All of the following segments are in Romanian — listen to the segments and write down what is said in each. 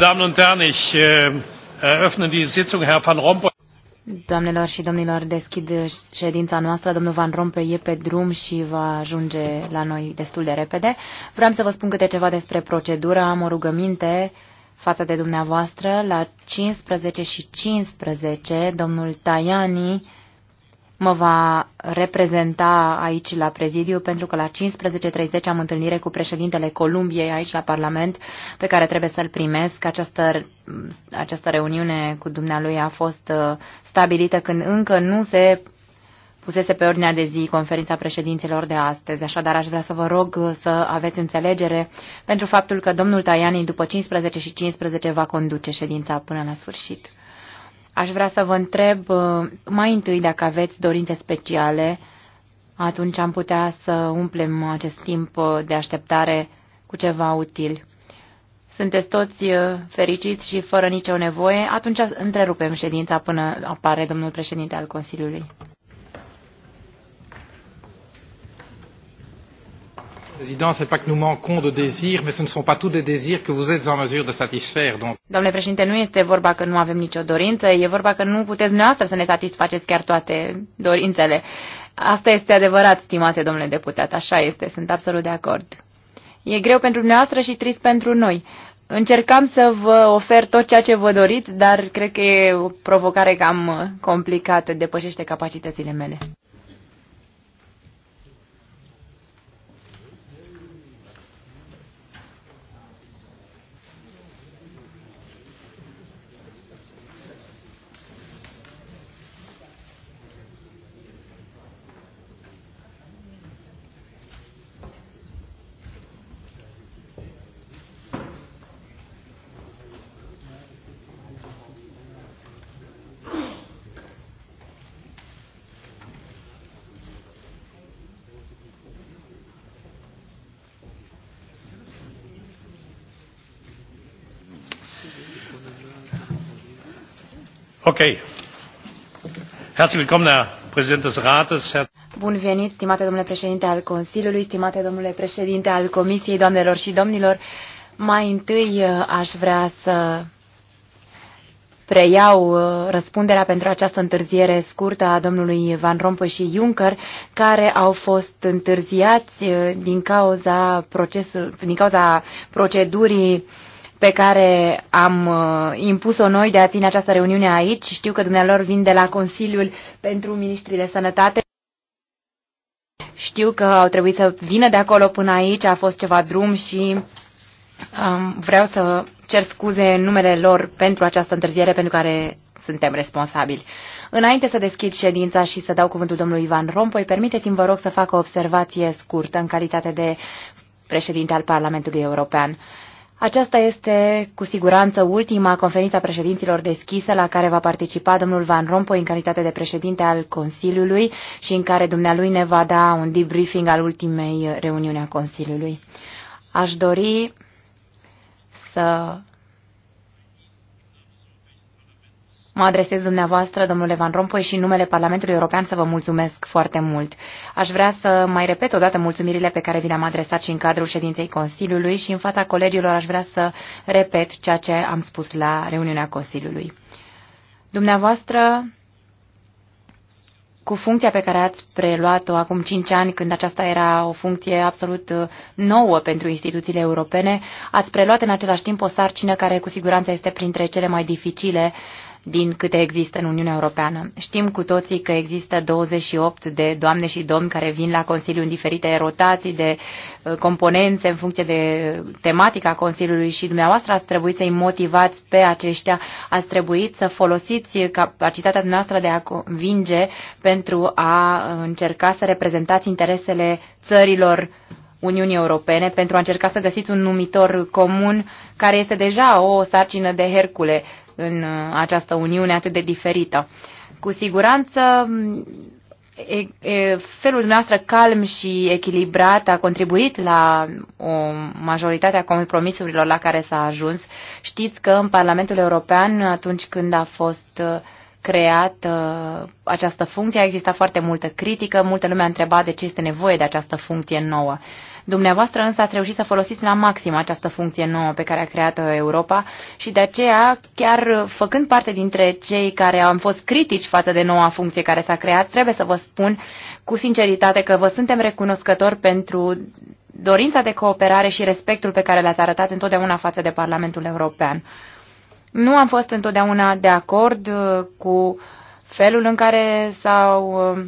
Damen und Herren, ich äh, eröffne die Sitzung. Herr Van Rompuy. Doamnelor și domnilor, deschid ședința noastră. Domnul Van Rompuy e pe drum și va ajunge la noi destul de repede. Vreau să vă spun câte ceva despre procedură. Am o rugăminte față de dumneavoastră. La 15 și 15, domnul Tajani mă va reprezenta aici la prezidiu, pentru că la 15.30 am întâlnire cu președintele Columbiei aici la Parlament, pe care trebuie să-l primesc. Această, această reuniune cu dumnealui a fost uh, stabilită când încă nu se pusese pe ordinea de zi conferința președinților de astăzi. Așadar, aș vrea să vă rog uh, să aveți înțelegere pentru faptul că domnul Taiani după 15 și 15 va conduce ședința până la sfârșit. Aș vrea să vă întreb uh, mai întâi dacă aveți dorințe speciale, atunci am putea să umplem acest timp uh, de așteptare cu ceva util. Sunteți toți uh, fericiți și fără nicio nevoie, atunci întrerupem ședința până apare domnul președinte al Consiliului. Président, n'est pas que nous manquons de désirs, mais ce ne sont pas tous des désirs que vous êtes en mesure de satisfaire. Donc. Domnule președinte, nu este vorba că nu avem nicio dorință, e vorba că nu puteți noastră să ne satisfaceți chiar toate dorințele. Asta este adevărat, stimate domnule deputat, așa este, sunt absolut de acord. E greu pentru noastră și trist pentru noi. Încercam să vă ofer tot ceea ce vă doriți, dar cred că e o provocare cam complicată, depășește capacitățile mele. Herzlich willkommen, Herr Präsident des Rates. Herr Bun venit, stimate domnule președinte al Consiliului, stimate domnule președinte al Comisiei, doamnelor și domnilor. Mai întâi uh, aș vrea să preiau uh, răspunderea pentru această întârziere scurtă a domnului Van Rompuy și Juncker, care au fost întârziați uh, din cauza, procesul, din cauza procedurii uh, pe care am uh, impus-o noi de a ține această reuniune aici. Știu că dumnealor vin de la Consiliul pentru Ministrii de Sănătate. Știu că au trebuit să vină de acolo până aici, a fost ceva drum și um, vreau să cer scuze în numele lor pentru această întârziere pentru care suntem responsabili. Înainte să deschid ședința și să dau cuvântul domnului Ivan Rompoi, permiteți-mi, vă rog, să fac o observație scurtă în calitate de președinte al Parlamentului European. Aceasta este cu siguranță ultima conferință a președinților deschisă la care va participa domnul Van Rompuy în calitate de președinte al Consiliului și în care dumnealui ne va da un debriefing al ultimei reuniuni a Consiliului. Aș dori să Mă adresez dumneavoastră, domnule Van Rompuy, și în numele Parlamentului European să vă mulțumesc foarte mult. Aș vrea să mai repet odată mulțumirile pe care vi le-am adresat și în cadrul ședinței Consiliului și în fața colegilor aș vrea să repet ceea ce am spus la reuniunea Consiliului. Dumneavoastră, cu funcția pe care ați preluat-o acum cinci ani, când aceasta era o funcție absolut uh, nouă pentru instituțiile europene, ați preluat în același timp o sarcină care cu siguranță este printre cele mai dificile uh, din câte există în Uniunea Europeană. Știm cu toții că există 28 de doamne și domni care vin la Consiliu în diferite rotații de uh, componențe în funcție de tematica Consiliului și dumneavoastră ați trebuit să-i motivați pe aceștia, ați trebuit să folosiți capacitatea noastră de a convinge pentru a încerca să reprezentați interesele țărilor Uniunii Europene pentru a încerca să găsiți un numitor comun care este deja o sarcină de Hercule în uh, această uniune atât de diferită. Cu siguranță, mm, e, e, felul dumneavoastră calm și echilibrat a contribuit la o majoritate a compromisurilor la care s-a ajuns. Știți că în Parlamentul European, atunci când a fost uh, creat această funcție, a existat foarte multă critică, multă lume a întrebat de ce este nevoie de această funcție nouă. Dumneavoastră însă ați reușit să folosiți la maxim această funcție nouă pe care a creat Europa și de aceea, chiar făcând parte dintre cei care am fost critici față de noua funcție care s-a creat, trebuie să vă spun cu sinceritate că vă suntem recunoscători pentru dorința de cooperare și respectul pe care le-ați arătat întotdeauna față de Parlamentul European. Nu am fost întotdeauna de acord uh, cu felul în care s-au uh,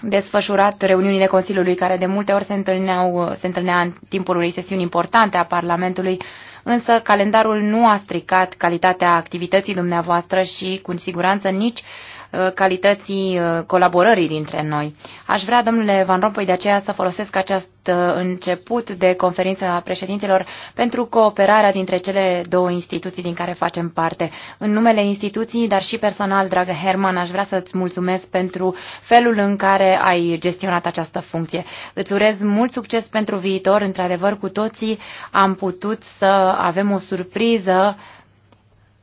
desfășurat reuniunile Consiliului, care de multe ori se, întâlneau, se întâlnea în timpul unei sesiuni importante a Parlamentului, însă calendarul nu a stricat calitatea activității dumneavoastră și, cu siguranță, nici uh, Uh, calității uh, colaborării dintre noi. Aș vrea, domnule Van Rompuy, de aceea să folosesc acest uh, început de conferință a președintelor pentru cooperarea dintre cele două instituții din care facem parte. În numele instituției, dar și personal, dragă Herman, aș vrea să-ți mulțumesc pentru felul în care ai gestionat această funcție. Îți urez mult succes pentru viitor. Într-adevăr, cu toții am putut să avem o surpriză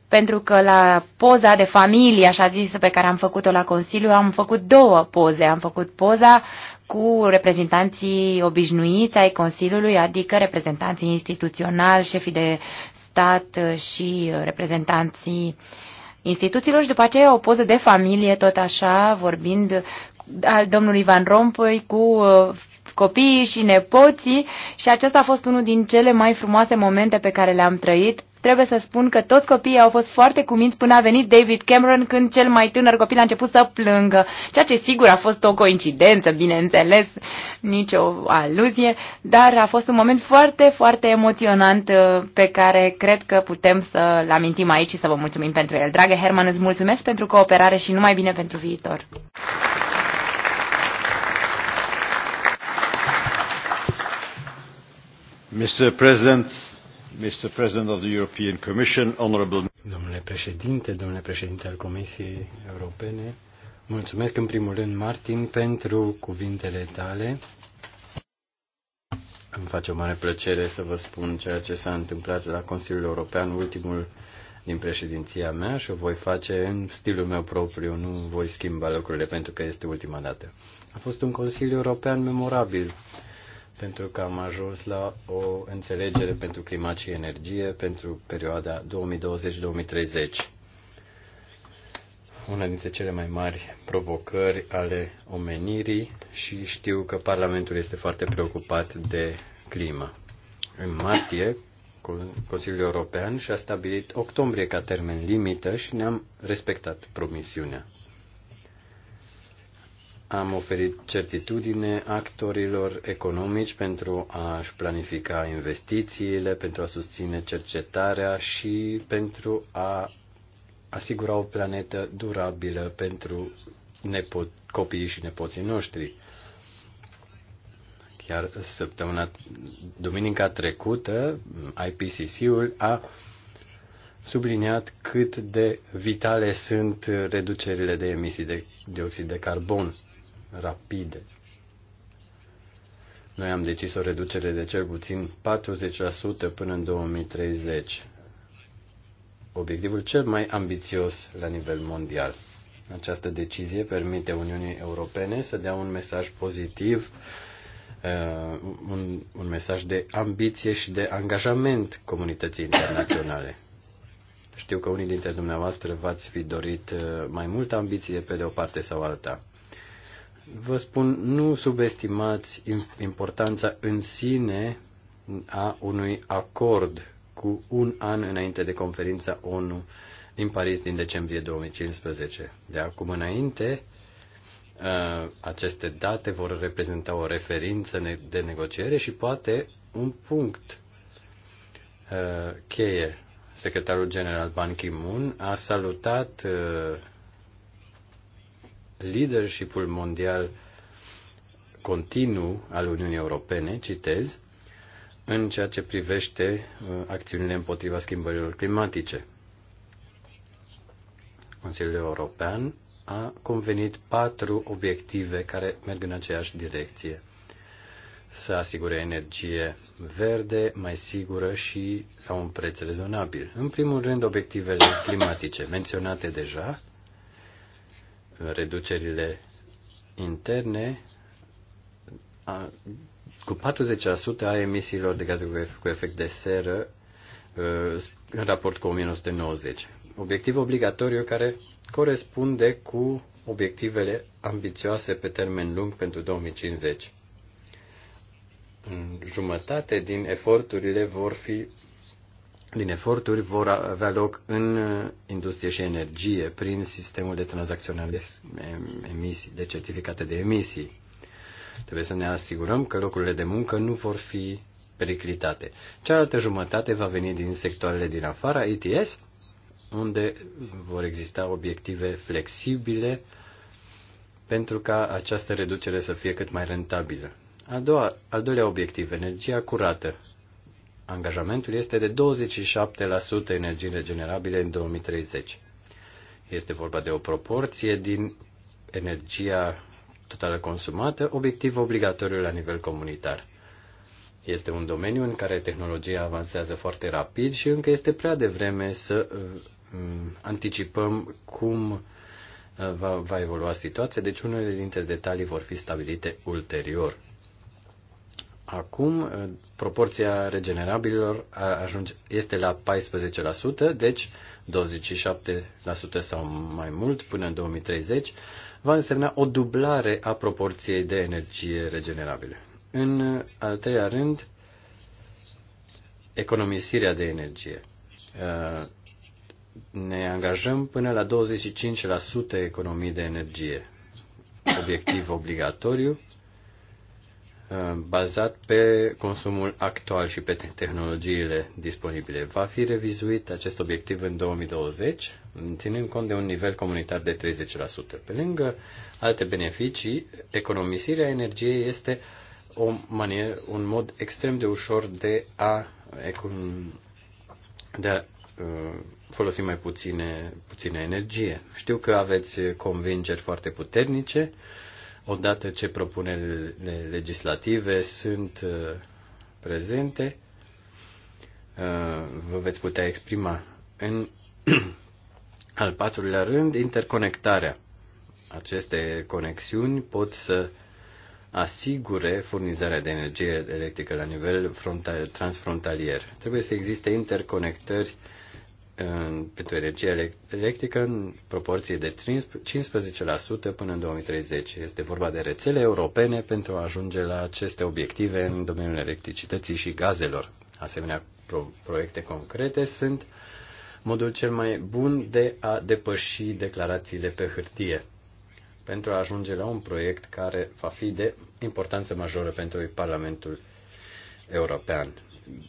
pentru că la poza de familie, așa zis, pe care am făcut-o la Consiliu, am făcut două poze. Am făcut poza cu reprezentanții obișnuiți ai Consiliului, adică reprezentanții instituționali, șefii de stat și reprezentanții instituțiilor și după aceea o poză de familie, tot așa, vorbind al domnului Van Rompuy cu uh, copiii și nepoții și acesta a fost unul din cele mai frumoase momente pe care le-am trăit trebuie să spun că toți copiii au fost foarte cuminți până a venit David Cameron când cel mai tânăr copil a început să plângă, ceea ce sigur a fost o coincidență, bineînțeles, nicio aluzie, dar a fost un moment foarte, foarte emoționant uh, pe care cred că putem să-l amintim aici și să vă mulțumim pentru el. Dragă Herman, îți mulțumesc pentru cooperare și numai bine pentru viitor. Mr. President, Mr. President of the European Commission, honorable... Domnule președinte, domnule președinte al Comisiei Europene, mulțumesc în primul rând, Martin, pentru cuvintele tale. Îmi face o mare plăcere să vă spun ceea ce s-a întâmplat la Consiliul European, ultimul din președinția mea și o voi face în stilul meu propriu, nu voi schimba lucrurile pentru că este ultima dată. A fost un Consiliu European memorabil pentru că am ajuns la o înțelegere pentru climat și energie pentru perioada 2020-2030. Una dintre cele mai mari provocări ale omenirii și știu că Parlamentul este foarte preocupat de climă. În martie, Consiliul European și-a stabilit octombrie ca termen limită și ne-am respectat promisiunea. Am oferit certitudine actorilor economici pentru a-și planifica investițiile, pentru a susține cercetarea și pentru a asigura o planetă durabilă pentru copiii și nepoții noștri. Chiar săptămâna, duminica trecută, IPCC-ul a subliniat cât de vitale sunt reducerile de emisii de dioxid de carbon rapide. Noi am decis o reducere de cel puțin 40% până în 2030, obiectivul cel mai ambițios la nivel mondial. Această decizie permite Uniunii Europene să dea un mesaj pozitiv, uh, un, un mesaj de ambiție și de angajament comunității internaționale. Știu că unii dintre dumneavoastră v-ați fi dorit uh, mai multă ambiție pe de o parte sau alta. Vă spun, nu subestimați importanța în sine a unui acord cu un an înainte de conferința ONU din Paris din decembrie 2015. De acum înainte, uh, aceste date vor reprezenta o referință de negociere și poate un punct uh, cheie. Secretarul General Ban Ki-moon a salutat uh, leadershipul mondial continuu al Uniunii Europene, citez, în ceea ce privește uh, acțiunile împotriva schimbărilor climatice. Consiliul European a convenit patru obiective care merg în aceeași direcție. Să asigure energie verde, mai sigură și la un preț rezonabil. În primul rând, obiectivele climatice menționate deja, reducerile interne a, cu 40% a emisiilor de gaze cu efect de seră ă, în raport cu 1990. Obiectiv obligatoriu care corespunde cu obiectivele ambițioase pe termen lung pentru 2050. Jumătate din eforturile vor fi din eforturi vor avea loc în industrie și energie prin sistemul de tranzacționare de emisii, de certificate de emisii. Trebuie să ne asigurăm că locurile de muncă nu vor fi periclitate. Cealaltă jumătate va veni din sectoarele din afara ETS, unde vor exista obiective flexibile pentru ca această reducere să fie cât mai rentabilă. Al, doua, al doilea obiectiv, energia curată angajamentul este de 27% energie regenerabile în 2030. Este vorba de o proporție din energia totală consumată, obiectiv obligatoriu la nivel comunitar. Este un domeniu în care tehnologia avansează foarte rapid și încă este prea devreme să mm, anticipăm cum uh, va, va evolua situația, deci unele dintre detalii vor fi stabilite ulterior. Acum, eh, proporția regenerabililor ajunge, este la 14%, deci 27% sau mai mult până în 2030 va însemna o dublare a proporției de energie regenerabilă. În eh, al treia rând, economisirea de energie. Eh, ne angajăm până la 25% economii de energie, obiectiv obligatoriu Uh, bazat pe consumul actual și pe tehnologiile disponibile. Va fi revizuit acest obiectiv în 2020, ținând cont de un nivel comunitar de 30%. Pe lângă alte beneficii, economisirea energiei este o manier un mod extrem de ușor de a, de a uh, folosi mai puține, puține energie. Știu că aveți convingeri foarte puternice, uh, Odată ce propunerile legislative sunt uh, prezente, uh, vă veți putea exprima. În al patrulea rând, interconectarea. Aceste conexiuni pot să asigure furnizarea de energie electrică la nivel transfrontalier. Trebuie să existe interconectări uh, în, pentru energie electrică în proporție de 15% până în 2030. Este vorba de rețele europene pentru a ajunge la aceste obiective în domeniul electricității și gazelor. Asemenea, pro, proiecte concrete sunt modul cel mai bun de a depăși declarațiile pe hârtie pentru a ajunge la un proiect care va fi de importanță majoră pentru Parlamentul European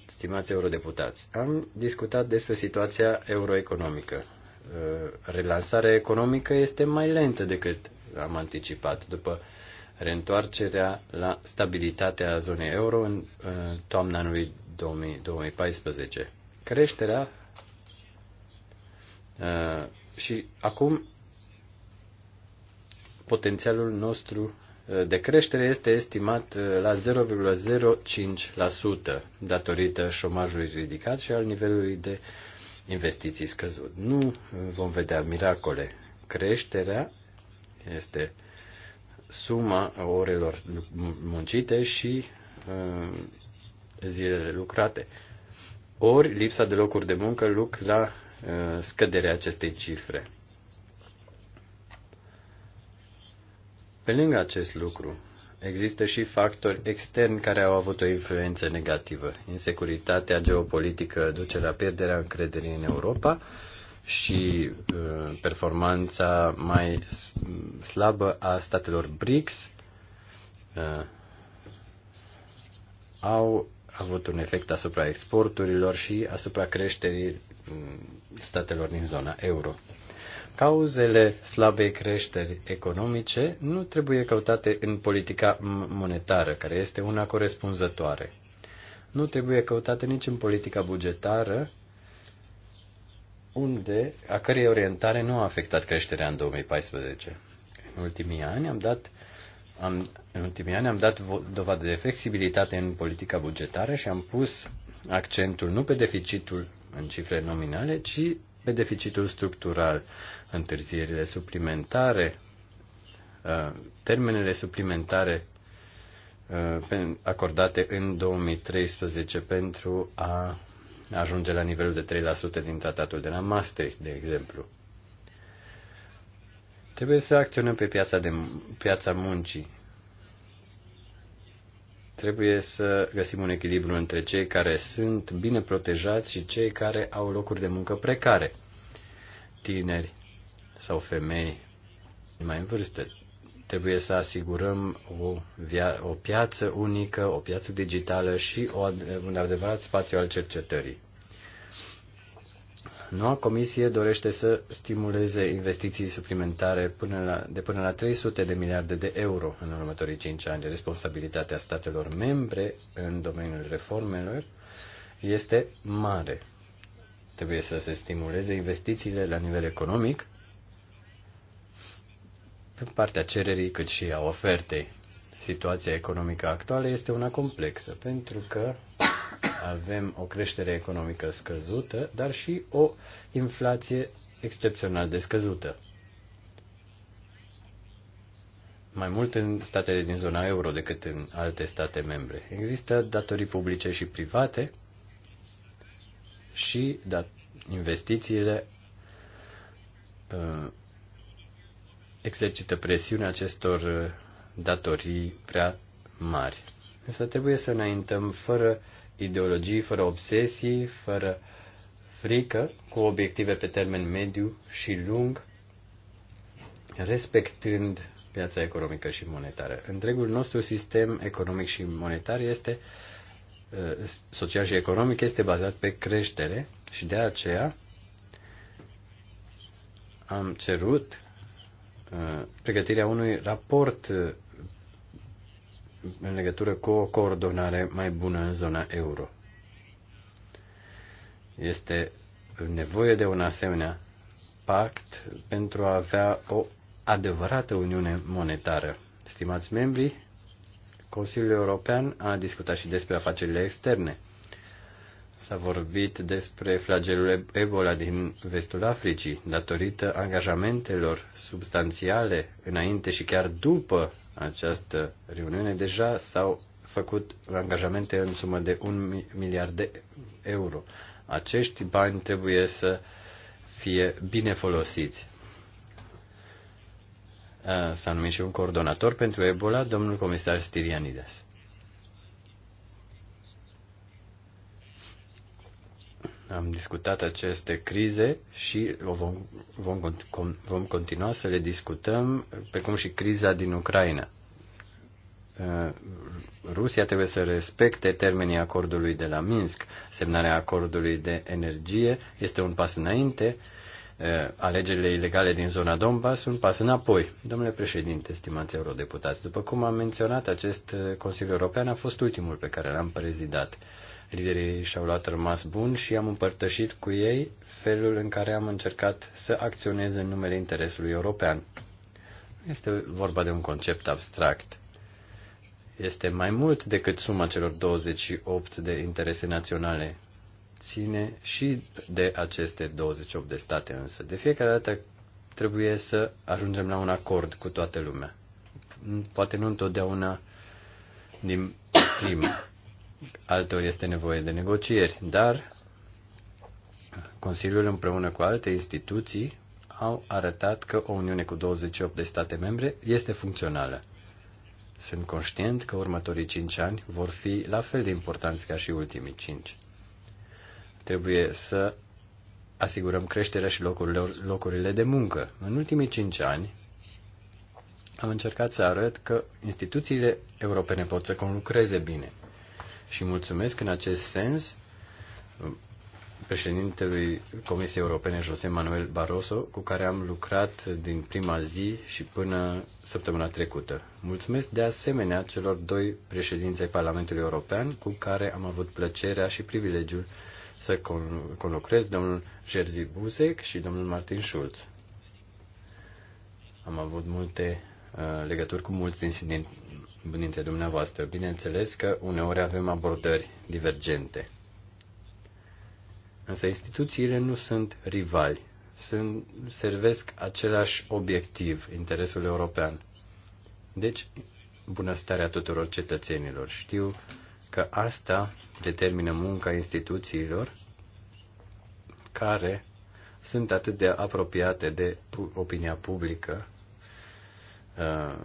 stimați eurodeputați, am discutat despre situația euroeconomică. Uh, relansarea economică este mai lentă decât am anticipat. După reîntoarcerea la stabilitatea zonei euro în uh, toamna anului 2014. Creșterea uh, și acum potențialul nostru de creștere este estimat uh, la 0,05% datorită șomajului ridicat și al nivelului de investiții scăzut. Nu uh, vom vedea miracole. Creșterea este suma orelor muncite și uh, zilele lucrate. Ori lipsa de locuri de muncă lucr la scăderea acestei cifre. Pe lângă acest lucru, există și factori externi care au avut o influență negativă. Insecuritatea geopolitică duce la pierderea încrederii în Europa și uh, performanța mai slabă a statelor BRICS uh, au avut un efect asupra exporturilor și asupra creșterii mm, statelor din zona euro. Cauzele slabei creșteri economice nu trebuie căutate în politica monetară, care este una corespunzătoare. Nu trebuie căutate nici în politica bugetară, unde, a cărei orientare nu a afectat creșterea în 2014. În ultimii ani am dat, am, în ultimii ani am dat dovadă de flexibilitate în politica bugetară și am pus accentul nu pe deficitul în cifre nominale, ci pe deficitul structural întârzierile suplimentare, uh, termenele suplimentare uh, acordate în 2013 pentru a ajunge la nivelul de 3% din tratatul de la Maastricht, de exemplu. Trebuie să acționăm pe piața, de, piața muncii. Trebuie să găsim un echilibru între cei care sunt bine protejați și cei care au locuri de muncă precare. Tineri, sau femei mai în vârstă. Trebuie să asigurăm o, via- o piață unică, o piață digitală și o, un adevărat spațiu al cercetării. Noua comisie dorește să stimuleze investiții suplimentare până la, de până la 300 de miliarde de euro în următorii 5 ani. Responsabilitatea statelor membre în domeniul reformelor este mare. Trebuie să se stimuleze investițiile la nivel economic pe partea cererii cât și a ofertei. Situația economică actuală este una complexă, pentru că avem o creștere economică scăzută, dar și o inflație excepțional de scăzută. Mai mult în statele din zona euro decât în alte state membre. Există datorii publice și private și investițiile uh, exercită presiunea acestor uh, datorii prea mari. Însă trebuie să înaintăm fără ideologii, fără obsesii, fără frică, cu obiective pe termen mediu și lung, respectând piața economică și monetară. Întregul nostru sistem economic și monetar este uh, social și economic este bazat pe creștere și de aceea am cerut Uh, pregătirea unui raport uh, în legătură cu o coordonare mai bună în zona euro. Este nevoie de un asemenea pact pentru a avea o adevărată uniune monetară. Stimați membri, Consiliul European a discutat și despre afacerile externe. S-a vorbit despre flagelul Ebola din vestul Africii, datorită angajamentelor substanțiale înainte și chiar după această reuniune, deja s-au făcut angajamente în sumă de un miliard de euro. Acești bani trebuie să fie bine folosiți. S-a numit și un coordonator pentru Ebola, domnul comisar Stirianides. Am discutat aceste crize și o vom, vom, vom continua să le discutăm, precum și criza din Ucraina. Uh, Rusia trebuie să respecte termenii acordului de la Minsk. Semnarea acordului de energie este un pas înainte, uh, alegerile ilegale din zona Donbass un pas înapoi. Domnule președinte, stimați eurodeputați, după cum am menționat, acest uh, Consiliu European a fost ultimul pe care l-am prezidat. Liderii și-au luat rămas bun și am împărtășit cu ei felul în care am încercat să acționez în numele interesului european. Este vorba de un concept abstract. Este mai mult decât suma celor 28 de interese naționale. Ține și de aceste 28 de state însă. De fiecare dată trebuie să ajungem la un acord cu toată lumea. Poate nu întotdeauna din prima alteori este nevoie de negocieri, dar Consiliul împreună cu alte instituții au arătat că o Uniune cu 28 de state membre este funcțională. Sunt conștient că următorii 5 ani vor fi la fel de importanți ca și ultimii 5. Trebuie să asigurăm creșterea și locurile, locurile de muncă. În ultimii 5 ani am încercat să arăt că instituțiile europene pot să conlucreze bine și mulțumesc în acest sens uh, președintelui Comisiei Europene, José Manuel Barroso, cu care am lucrat din prima zi și până săptămâna trecută. Mulțumesc de asemenea celor doi președinți ai Parlamentului European, cu care am avut plăcerea și privilegiul să conlucrez, domnul Jerzy Buzek și domnul Martin Schulz. Am avut multe uh, legături cu mulți din, din dintre dumneavoastră. Bineînțeles că uneori avem abordări divergente. Însă instituțiile nu sunt rivali, sunt, servesc același obiectiv, interesul european. Deci, bunăstarea tuturor cetățenilor. Știu că asta determină munca instituțiilor care sunt atât de apropiate de opinia publică uh,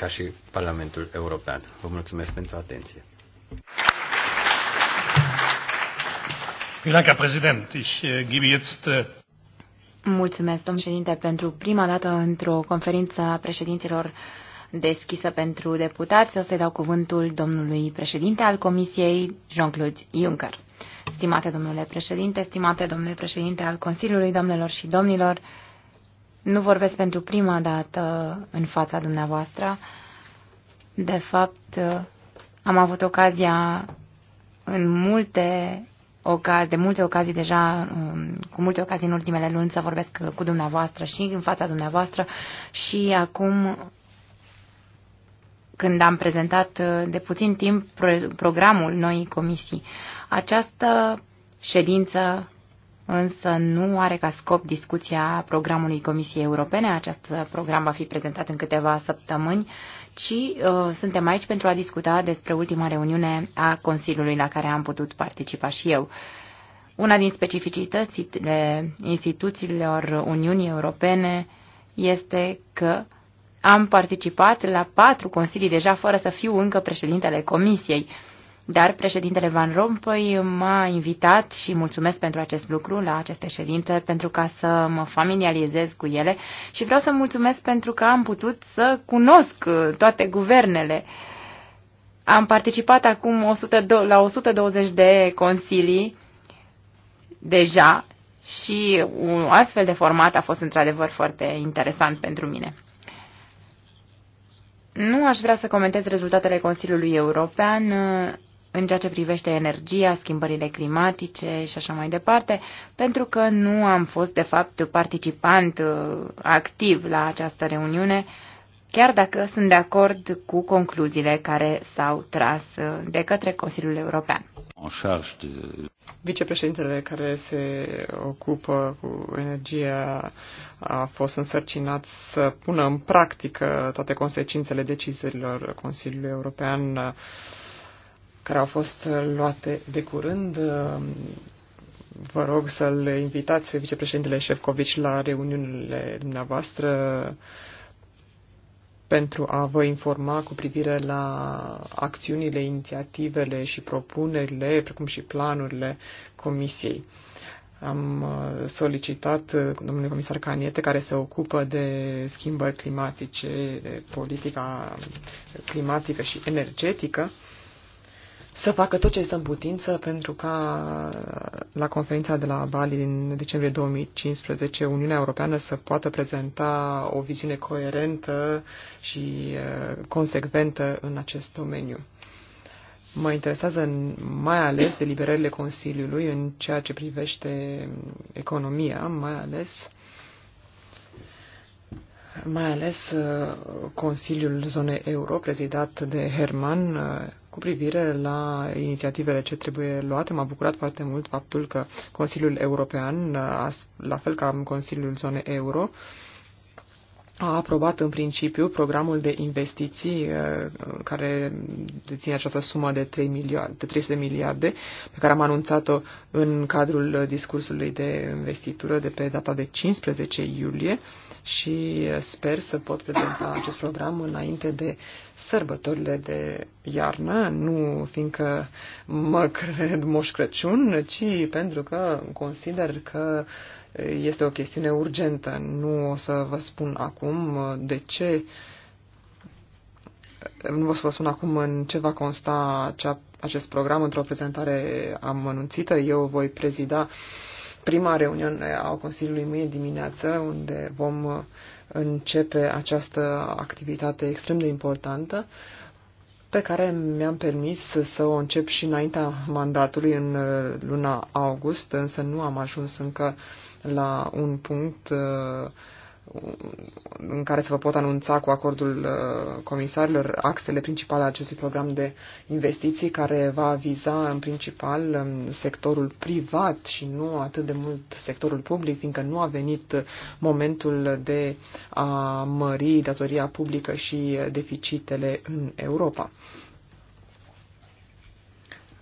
ca și Parlamentul European. Vă mulțumesc pentru atenție. Äh, äh, mulțumesc, domnul președinte, pentru prima dată într-o conferință a președinților deschisă pentru deputați. O să-i dau cuvântul domnului președinte al Comisiei, Jean-Claude Juncker. Stimate domnule președinte, stimate domnule președinte al Consiliului, domnilor și domnilor, nu vorbesc pentru prima dată în fața dumneavoastră. De fapt, am avut ocazia în multe ocazii, de multe ocazii deja, um, cu multe ocazii în ultimele luni să vorbesc cu dumneavoastră și în fața dumneavoastră și acum când am prezentat uh, de puțin timp programul noii comisii. Această ședință însă nu are ca scop discuția programului Comisiei Europene, acest program va fi prezentat în câteva săptămâni, ci uh, suntem aici pentru a discuta despre ultima reuniune a Consiliului la care am putut participa și eu. Una din specificitățile instituțiilor Uniunii Europene este că am participat la patru consilii deja fără să fiu încă președintele Comisiei. Uh, dar președintele Van Rompuy m-a invitat și mulțumesc pentru acest lucru la aceste ședințe, pentru ca să mă familiarizez cu ele și vreau să mulțumesc pentru că am putut să cunosc toate guvernele. Am participat acum 100, la 120 de consilii deja și un astfel de format a fost într-adevăr foarte interesant pentru mine. Nu aș vrea să comentez rezultatele Consiliului European în ceea ce privește energia, schimbările climatice și așa mai departe, pentru că nu am fost, de fapt, participant uh, activ la această reuniune, chiar dacă sunt de acord cu concluziile care s-au tras uh, de către Consiliul European. Vicepreședintele care se ocupă cu energia a fost însărcinat să pună în practică toate consecințele deciziilor Consiliului European uh, care au fost luate de curând. Vă rog să-l invitați pe vicepreședintele Șefcovici la reuniunile dumneavoastră pentru a vă informa cu privire la acțiunile, inițiativele și propunerile, precum și planurile Comisiei. Am uh, solicitat uh, domnului comisar Caniete, care se ocupă de schimbări climatice, de politica climatică și energetică, să facă tot ce este în putință pentru ca la conferința de la Bali din decembrie 2015 Uniunea Europeană să poată prezenta o viziune coerentă și consecventă în acest domeniu. Mă interesează mai ales deliberările Consiliului în ceea ce privește economia, mai ales mai ales Consiliul Zonei Euro, prezidat de Herman, cu privire la inițiativele ce trebuie luate. M-a bucurat foarte mult faptul că Consiliul European, la fel ca Consiliul Zonei Euro, a aprobat în principiu programul de investiții uh, care deține această sumă de, 3 miliarde, de 300 miliarde pe care am anunțat-o în cadrul discursului de investitură de pe data de 15 iulie și sper să pot prezenta acest program înainte de sărbătorile de iarnă, nu fiindcă mă cred moș Crăciun, ci pentru că consider că uh, este o chestiune urgentă. Nu o să vă spun acum de ce. Nu vă să vă spun acum în ce va consta acea, acest program într-o prezentare amănunțită. Eu voi prezida prima reuniune a Consiliului mâine dimineață, unde vom începe această activitate extrem de importantă pe care mi-am permis să o încep și înaintea mandatului în luna august, însă nu am ajuns încă uh, la un punct uh, în care să vă pot anunța cu acordul uh, comisarilor axele principale ale acestui program de investiții care va viza în principal um, sectorul privat și nu atât de mult sectorul public, fiindcă nu a venit momentul de a mări datoria publică și deficitele în Europa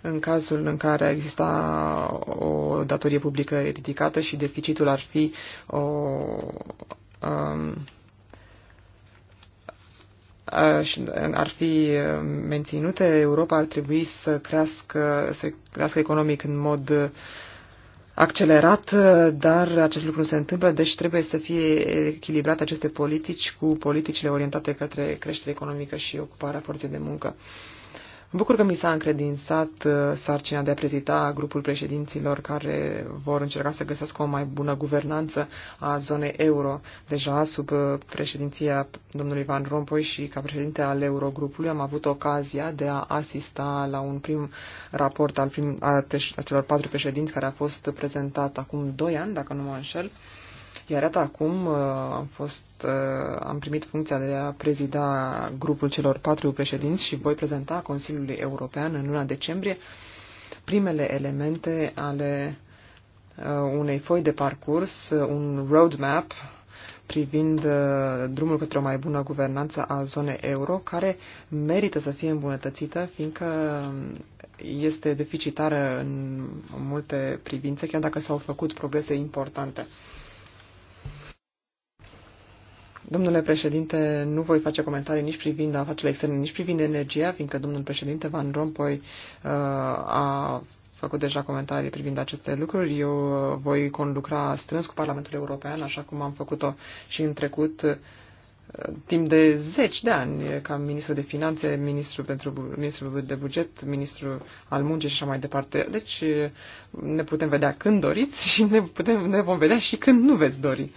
în cazul în care exista o datorie publică ridicată și deficitul ar fi o, um, ar fi menținute, Europa ar trebui să crească, să crească economic în mod accelerat, dar acest lucru nu se întâmplă, deci trebuie să fie echilibrate aceste politici cu politicile orientate către creștere economică și ocuparea forței de muncă bucur că mi s-a încredințat uh, sarcina de a prezita grupul președinților care vor încerca să găsească o mai bună guvernanță a zonei euro. Deja sub uh, președinția domnului Van Rompuy și ca președinte al Eurogrupului am avut ocazia de a asista la un prim raport al, prim, al celor patru președinți care a fost prezentat acum doi ani, dacă nu mă înșel, iar iată acum uh, am, fost, uh, am primit funcția de a prezida grupul celor patru președinți și voi prezenta Consiliului European în luna decembrie primele elemente ale uh, unei foi de parcurs, un roadmap privind drumul către o mai bună guvernanță a zonei euro, care merită să fie îmbunătățită, fiindcă um, este deficitară în multe privințe, chiar dacă s-au făcut progrese importante. Domnule președinte, nu voi face comentarii nici privind afacerile externe, nici privind energia, fiindcă domnul președinte Van Rompuy uh, a făcut deja comentarii privind aceste lucruri. Eu voi conlucra strâns cu Parlamentul European, așa cum am făcut-o și în trecut, uh, timp de zeci de ani, ca ministru de finanțe, ministru, pentru, ministru de buget, ministru al muncii și așa mai departe. Deci uh, ne putem vedea când doriți și ne, putem, ne vom vedea și când nu veți dori.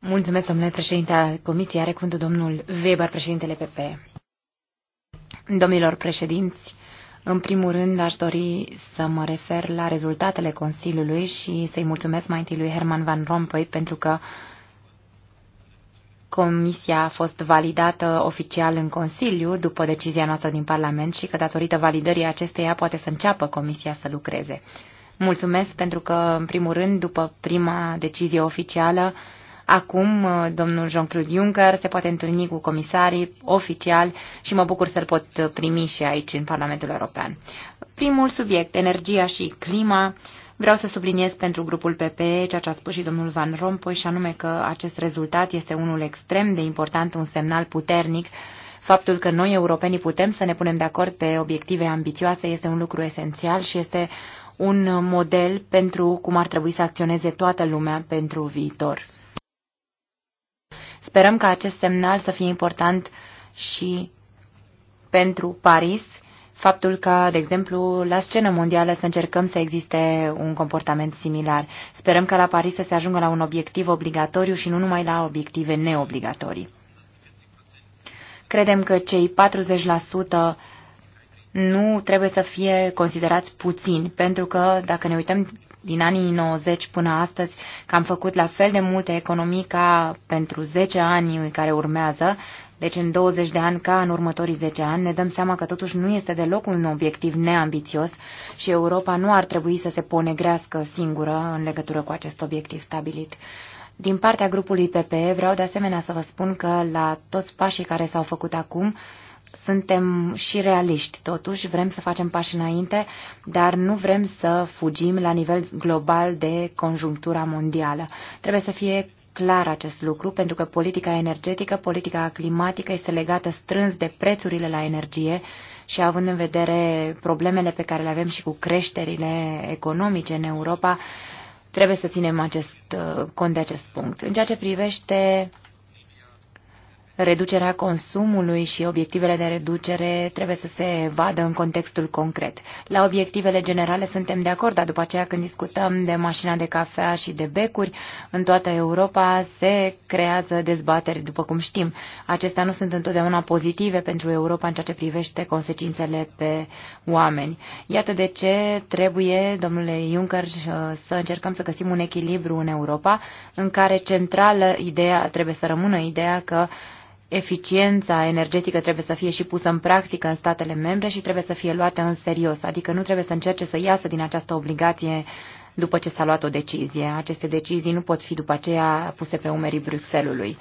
Mulțumesc, domnule președinte al Comisiei. Are cuvântul domnul Weber, președintele PP. Domnilor președinți, în primul rând aș dori să mă refer la rezultatele Consiliului și să-i mulțumesc mai întâi lui Herman Van Rompuy pentru că Comisia a fost validată oficial în Consiliu după decizia noastră din Parlament și că datorită validării acesteia poate să înceapă Comisia să lucreze. Mulțumesc pentru că, în primul rând, după prima decizie oficială, acum uh, domnul Jean-Claude Juncker se poate întâlni cu comisarii oficial și mă bucur să-l pot uh, primi și aici, în Parlamentul European. Primul subiect, energia și clima. Vreau să subliniez pentru grupul PPE ceea ce a spus și domnul Van Rompuy, și anume că acest rezultat este unul extrem de important, un semnal puternic Faptul că noi, europenii, putem să ne punem de acord pe obiective ambițioase este un lucru esențial și este un model pentru cum ar trebui să acționeze toată lumea pentru viitor. Sperăm ca acest semnal să fie important și pentru Paris, faptul că, de exemplu, la scenă mondială să încercăm să existe un comportament similar. Sperăm ca la Paris să se ajungă la un obiectiv obligatoriu și nu numai la obiective neobligatorii. Credem că cei 40% nu trebuie să fie considerați puțini, pentru că dacă ne uităm din anii 90 până astăzi, că am făcut la fel de multe economii ca pentru 10 ani care urmează, deci în 20 de ani ca în următorii 10 ani, ne dăm seama că totuși nu este deloc un obiectiv neambițios și Europa nu ar trebui să se ponegrească singură în legătură cu acest obiectiv stabilit. Din partea grupului PPE vreau de asemenea să vă spun că la toți pașii care s-au făcut acum, suntem și realiști totuși, vrem să facem pași înainte, dar nu vrem să fugim la nivel global de conjunctura mondială. Trebuie să fie clar acest lucru, pentru că politica energetică, politica climatică este legată strâns de prețurile la energie și având în vedere problemele pe care le avem și cu creșterile economice în Europa, trebuie să ținem acest, uh, cont de acest punct. În ceea ce privește reducerea consumului și obiectivele de reducere trebuie să se vadă în contextul concret. La obiectivele generale suntem de acord, dar după aceea când discutăm de mașina de cafea și de becuri, în toată Europa se creează dezbateri, după cum știm. Acestea nu sunt întotdeauna pozitive pentru Europa în ceea ce privește consecințele pe oameni. Iată de ce trebuie, domnule Juncker, să încercăm să găsim un echilibru în Europa în care centrală ideea trebuie să rămână ideea că eficiența energetică trebuie să fie și pusă în practică în statele membre și trebuie să fie luată în serios, adică nu trebuie să încerce să iasă din această obligație după ce s-a luat o decizie. Aceste decizii nu pot fi după aceea puse pe umerii Bruxelului.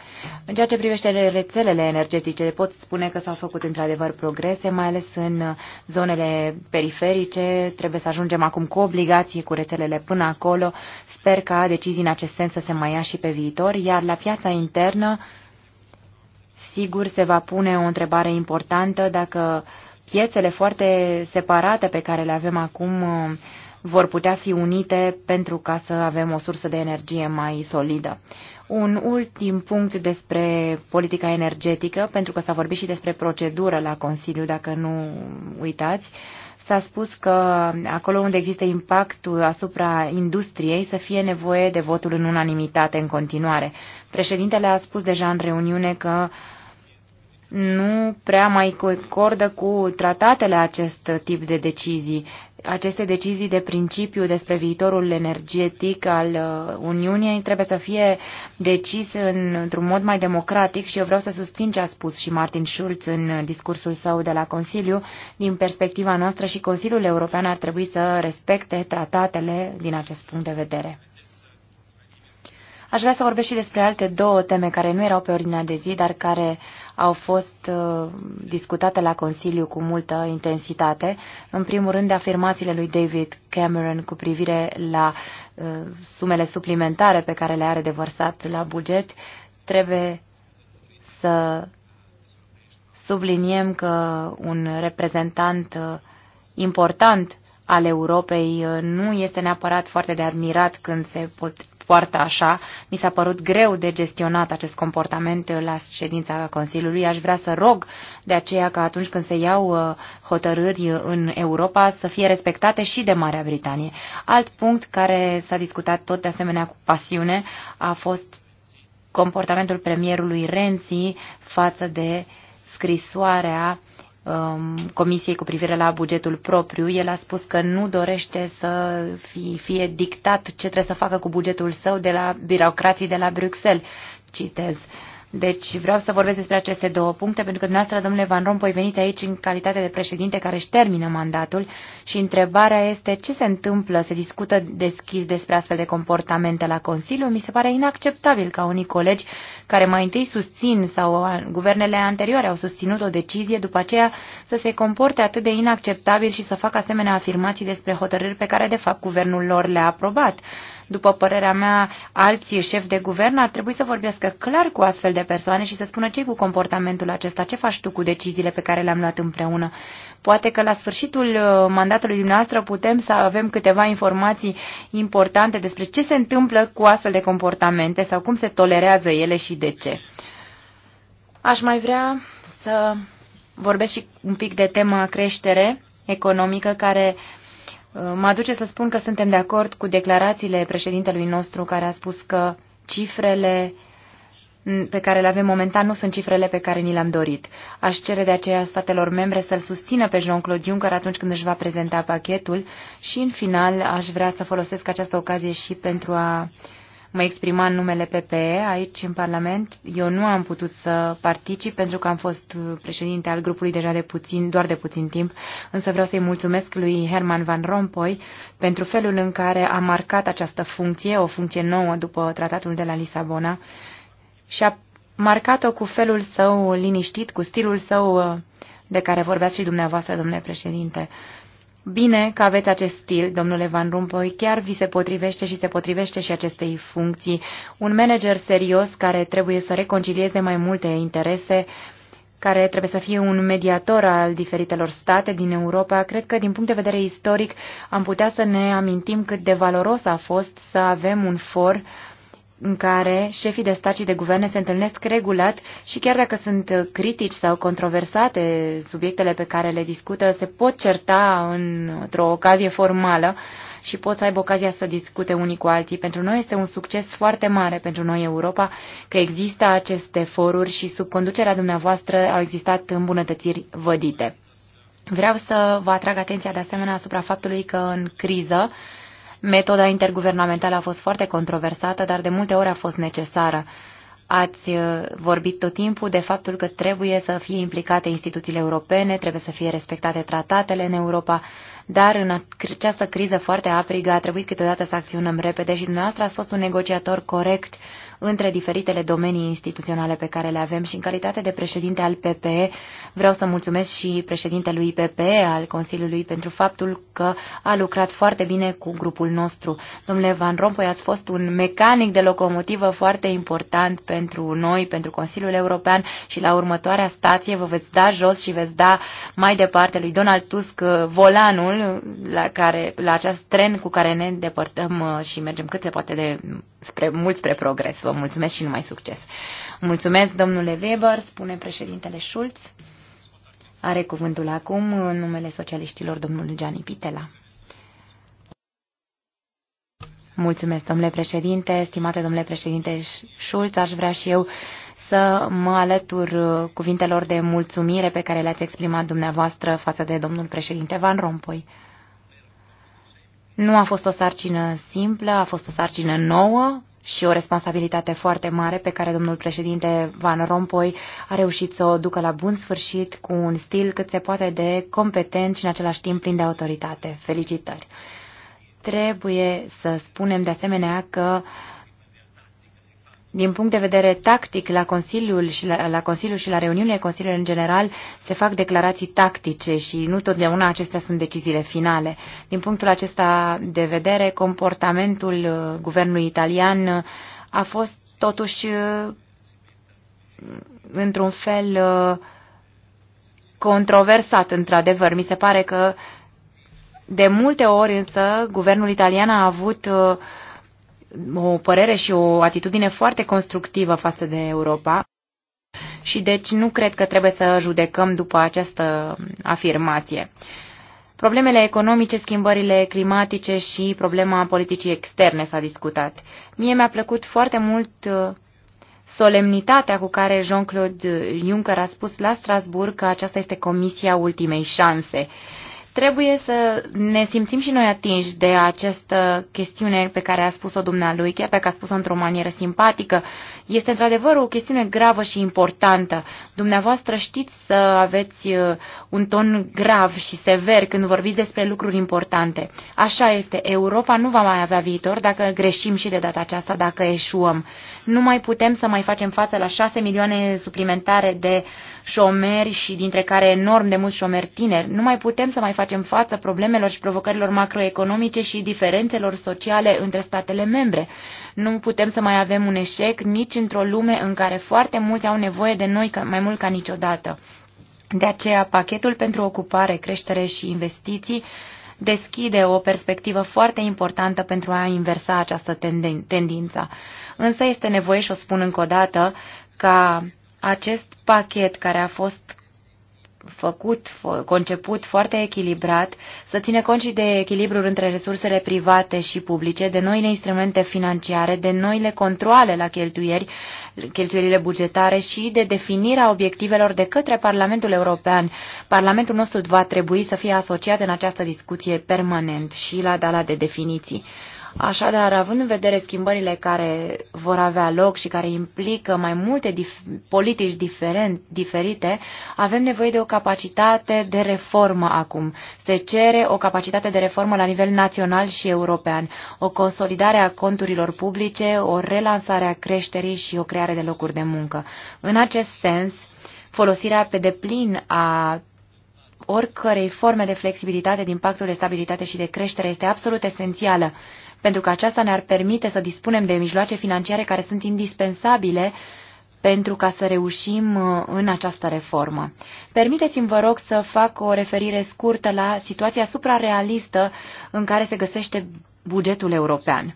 În ceea ce privește rețelele energetice, pot spune că s-au făcut într-adevăr progrese, mai ales în zonele periferice. Trebuie să ajungem acum cu obligații cu rețelele până acolo. Sper ca decizii în acest sens să se mai ia și pe viitor, iar la piața internă sigur se va pune o întrebare importantă dacă piețele foarte separate pe care le avem acum uh, vor putea fi unite pentru ca să avem o sursă de energie mai solidă. Un ultim punct despre politica energetică, pentru că s-a vorbit și despre procedură la Consiliu, dacă nu uitați. S-a spus că acolo unde există impactul asupra industriei să fie nevoie de votul în unanimitate în continuare. Președintele a spus deja în reuniune că uh, nu prea mai concordă cu tratatele acest tip de decizii. Aceste decizii de principiu despre viitorul energetic al uh, Uniunii trebuie să fie decis într-un mod mai democratic și eu vreau să susțin ce a spus și Martin Schulz în discursul său de la Consiliu. Din perspectiva noastră și Consiliul European ar trebui să respecte tratatele din acest punct de vedere. Aș vrea să vorbesc și despre alte două teme care nu erau pe ordinea de zi, dar care uh, au fost uh, discutate la Consiliu cu multă intensitate. În primul rând, afirmațiile lui David Cameron cu privire la uh, sumele suplimentare pe care le are de vărsat la buget trebuie să subliniem că un reprezentant uh, important al Europei nu este neapărat foarte de admirat când se pot poartă așa. Mi s-a părut greu de gestionat acest comportament la ședința Consiliului. Aș vrea să rog de aceea că atunci când se iau uh, hotărâri în Europa să fie respectate și de Marea Britanie. Alt punct care s-a discutat tot de asemenea cu pasiune a fost comportamentul premierului Renzi față de scrisoarea uh, Um, comisiei cu privire la bugetul propriu. El a spus că nu dorește să fie dictat ce trebuie să facă cu bugetul său de la birocrații de la Bruxelles. Citez. Uh, deci vreau să vorbesc despre aceste două puncte, pentru că dumneavoastră, domnule Van Rompuy, veniți aici în calitate de președinte care își termină mandatul și întrebarea este ce se întâmplă, se discută deschis despre astfel de comportamente la Consiliu. Mi se pare inacceptabil ca unii colegi care mai întâi susțin sau guvernele anterioare au susținut o decizie, după aceea să se comporte atât de inacceptabil și să facă asemenea afirmații despre hotărâri pe care de fapt guvernul lor le-a aprobat. După părerea mea, alții șefi de guvern ar trebui să vorbească clar cu astfel de persoane și să spună ce cu comportamentul acesta, ce faci tu cu deciziile pe care le-am luat împreună. Poate că la sfârșitul uh, mandatului dumneavoastră putem să avem câteva informații importante despre ce se întâmplă cu astfel de comportamente sau cum se tolerează ele și de ce. Aș mai vrea să vorbesc și un pic de tema creștere economică care uh, Uh, mă aduce să spun că suntem de acord cu declarațiile președintelui nostru care a spus că cifrele pe care le avem momentan nu sunt cifrele pe care ni le-am dorit. Aș cere de aceea statelor membre să-l susțină pe Jean-Claude Juncker atunci când își va prezenta pachetul și, în final, aș vrea să folosesc această ocazie și pentru a uh, mă exprima în numele PPE aici în Parlament. Eu nu am putut să particip pentru că am fost președinte al grupului deja de puțin, doar de puțin timp, însă vreau să-i mulțumesc lui Herman Van Rompuy pentru felul în care a marcat această funcție, o funcție nouă după tratatul de la Lisabona și a marcat-o cu felul său liniștit, cu stilul său de care vorbeați și dumneavoastră, domnule președinte. Bine că aveți acest stil, domnule Van Rumpoi, chiar vi se potrivește și se potrivește și acestei funcții. Un manager serios care trebuie să reconcilieze mai multe interese, care trebuie să fie un mediator al diferitelor state din Europa, cred că din punct de vedere istoric am putea să ne amintim cât de valoros a fost să avem un for uh, în care șefii de stat și de guverne se întâlnesc regulat și chiar dacă sunt critici sau controversate subiectele pe care le discută, se pot certa într-o ocazie formală și pot să aibă ocazia să discute unii cu alții. Pentru noi este un succes foarte mare pentru noi Europa că există aceste foruri și sub conducerea dumneavoastră au existat îmbunătățiri vădite. Vreau să vă atrag atenția de asemenea asupra faptului că în criză Metoda interguvernamentală a fost foarte controversată, dar de multe ori a fost necesară. Ați uh, vorbit tot timpul de faptul că trebuie să fie implicate instituțiile europene, trebuie să fie respectate tratatele în Europa, dar în această criză foarte aprigă a trebuit câteodată să acționăm repede și dumneavoastră ați fost un negociator corect uh, între diferitele domenii instituționale pe care le avem și în calitate de președinte al PPE vreau să mulțumesc și președintelui PPE al Consiliului pentru faptul că a lucrat foarte bine cu grupul nostru. Domnule Van Rompuy, ați fost un mecanic de locomotivă foarte important pentru noi, pentru Consiliul European și la următoarea stație vă veți da jos și veți da mai departe lui Donald Tusk uh, volanul la, care, la acest tren cu care ne îndepărtăm uh, și mergem cât se poate de spre, mult spre progres. Vă mulțumesc și numai succes. Mulțumesc, domnule Weber, spune președintele Schulz. Are cuvântul acum în numele socialiștilor domnul Gianni Pitela. Mulțumesc, domnule președinte, stimate domnule președinte Schulz, aș vrea și eu să mă alătur cuvintelor de mulțumire pe care le-ați exprimat dumneavoastră față de domnul președinte Van Rompuy. Nu a fost o sarcină simplă, a fost o sarcină nouă, și o responsabilitate foarte mare pe care domnul președinte Van Rompuy a reușit să o ducă la bun sfârșit cu un stil cât se poate de competent și în același timp plin de autoritate. Felicitări! Trebuie să spunem de asemenea că uh, din punct de vedere tactic, la Consiliul și la, la Consiliul și la reuniunile Consiliului în general se fac declarații tactice și nu totdeauna acestea sunt deciziile finale. Din punctul acesta de vedere, comportamentul uh, guvernului italian uh, a fost totuși uh, într-un fel controversat, într-adevăr. Mi se pare că de multe ori însă guvernul italian a avut uh, o părere și o atitudine foarte constructivă față de Europa și deci nu cred că trebuie să judecăm după această afirmație. Problemele economice, schimbările climatice și problema politicii externe s-a discutat. Mie mi-a plăcut foarte mult uh, solemnitatea cu care Jean-Claude Juncker a spus la Strasburg că aceasta este comisia ultimei șanse. Trebuie să ne simțim și noi atinși de această chestiune pe care a spus-o dumnealui, chiar pe care a spus-o într-o manieră simpatică. Este într-adevăr o chestiune gravă și importantă. Dumneavoastră știți să aveți uh, un ton grav și sever când vorbiți despre lucruri importante. Așa este. Europa nu va mai avea viitor dacă greșim și de data aceasta, dacă eșuăm. Nu mai putem să mai facem față la șase milioane suplimentare de uh, șomeri și dintre care enorm de mulți șomeri tineri. Nu mai putem să mai facem față problemelor și provocărilor macroeconomice și diferențelor sociale între statele membre. Nu putem să mai avem un eșec nici într-o lume în care foarte mulți au nevoie de noi mai mult ca niciodată. De aceea, pachetul pentru ocupare, creștere și investiții deschide o perspectivă foarte importantă pentru a inversa această tendință. Însă este nevoie, și o spun încă o dată, ca acest pachet care a fost făcut, conceput foarte echilibrat, să ține cont și de echilibrul între resursele private și publice, de noile instrumente financiare, de noile controle la cheltuieri, cheltuielile bugetare și de definirea obiectivelor de către Parlamentul European. Parlamentul nostru va trebui să fie asociat în această discuție permanent și la dala de definiții. Așadar, având în vedere schimbările care vor avea loc și care implică mai multe dif- politici diferent, diferite, avem nevoie de o capacitate de reformă acum. Se cere o capacitate de reformă la nivel național și european, o consolidare a conturilor publice, o relansare a creșterii și o creare de locuri de muncă. În acest sens, folosirea pe deplin a oricărei forme de flexibilitate din pactul de stabilitate și de creștere este absolut esențială pentru că aceasta ne-ar permite să dispunem de mijloace financiare care sunt indispensabile pentru ca să reușim uh, în această reformă. Permiteți-mi, vă rog, să fac o referire scurtă la situația suprarealistă în care se găsește bugetul european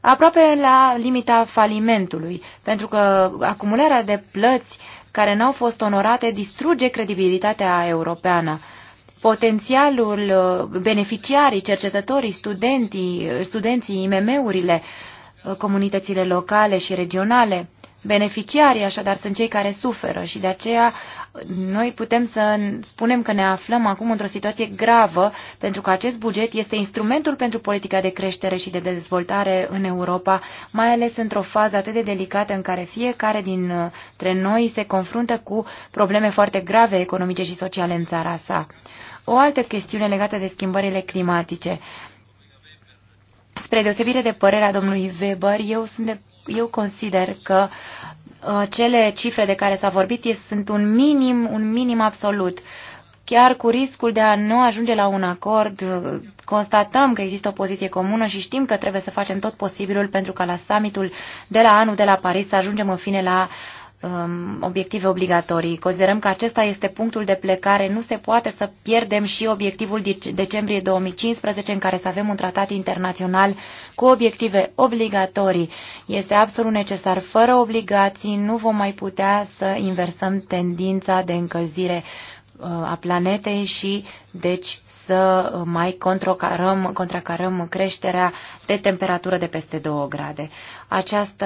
aproape la limita falimentului, pentru că acumularea de plăți care n-au fost onorate distruge credibilitatea europeană potențialul uh, beneficiarii, cercetătorii, studenții, uh, studenții, IMM-urile, uh, comunitățile locale și regionale. Beneficiarii, așadar, sunt cei care suferă și de aceea noi putem să spunem că ne aflăm acum într-o situație gravă, pentru că acest buget este instrumentul pentru politica de creștere și de dezvoltare în Europa, mai ales într-o fază atât de delicată în care fiecare dintre noi se confruntă cu probleme foarte grave economice și sociale în țara sa o altă chestiune legată de schimbările climatice. Spre deosebire de părerea domnului Weber, eu, sunt de, eu consider că uh, cele cifre de care s-a vorbit e, sunt un minim, un minim absolut. Chiar cu riscul de a nu ajunge la un acord, uh, constatăm că există o poziție comună și știm că trebuie să facem tot posibilul pentru ca la summitul de la anul de la Paris să ajungem în fine la uh, um, obiective obligatorii. Considerăm că acesta este punctul de plecare. Nu se poate să pierdem și obiectivul decembrie 2015 în care să avem un tratat internațional cu obiective obligatorii. Este absolut necesar. Fără obligații nu vom mai putea să inversăm tendința de încălzire uh, a planetei și deci să mai contracarăm, contracarăm creșterea de temperatură de peste 2 grade. Această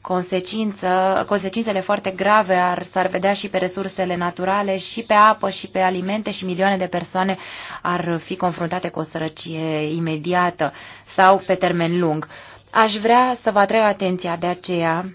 consecință, consecințele foarte grave ar, s-ar vedea și pe resursele naturale, și pe apă, și pe alimente și milioane de persoane ar fi confruntate cu o sărăcie imediată sau pe termen lung. Aș vrea să vă atrag atenția de aceea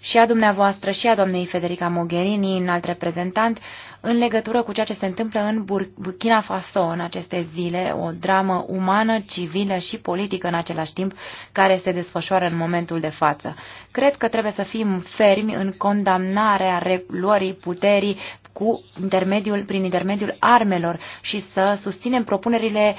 și a dumneavoastră și a doamnei Federica Mogherini, înalt reprezentant, în legătură cu ceea ce se întâmplă în Burkina Faso în aceste zile, o dramă umană, civilă și politică în același timp care se desfășoară în momentul de față. Cred că trebuie să fim fermi în condamnarea reluării puterii cu intermediul, prin intermediul armelor și să susținem propunerile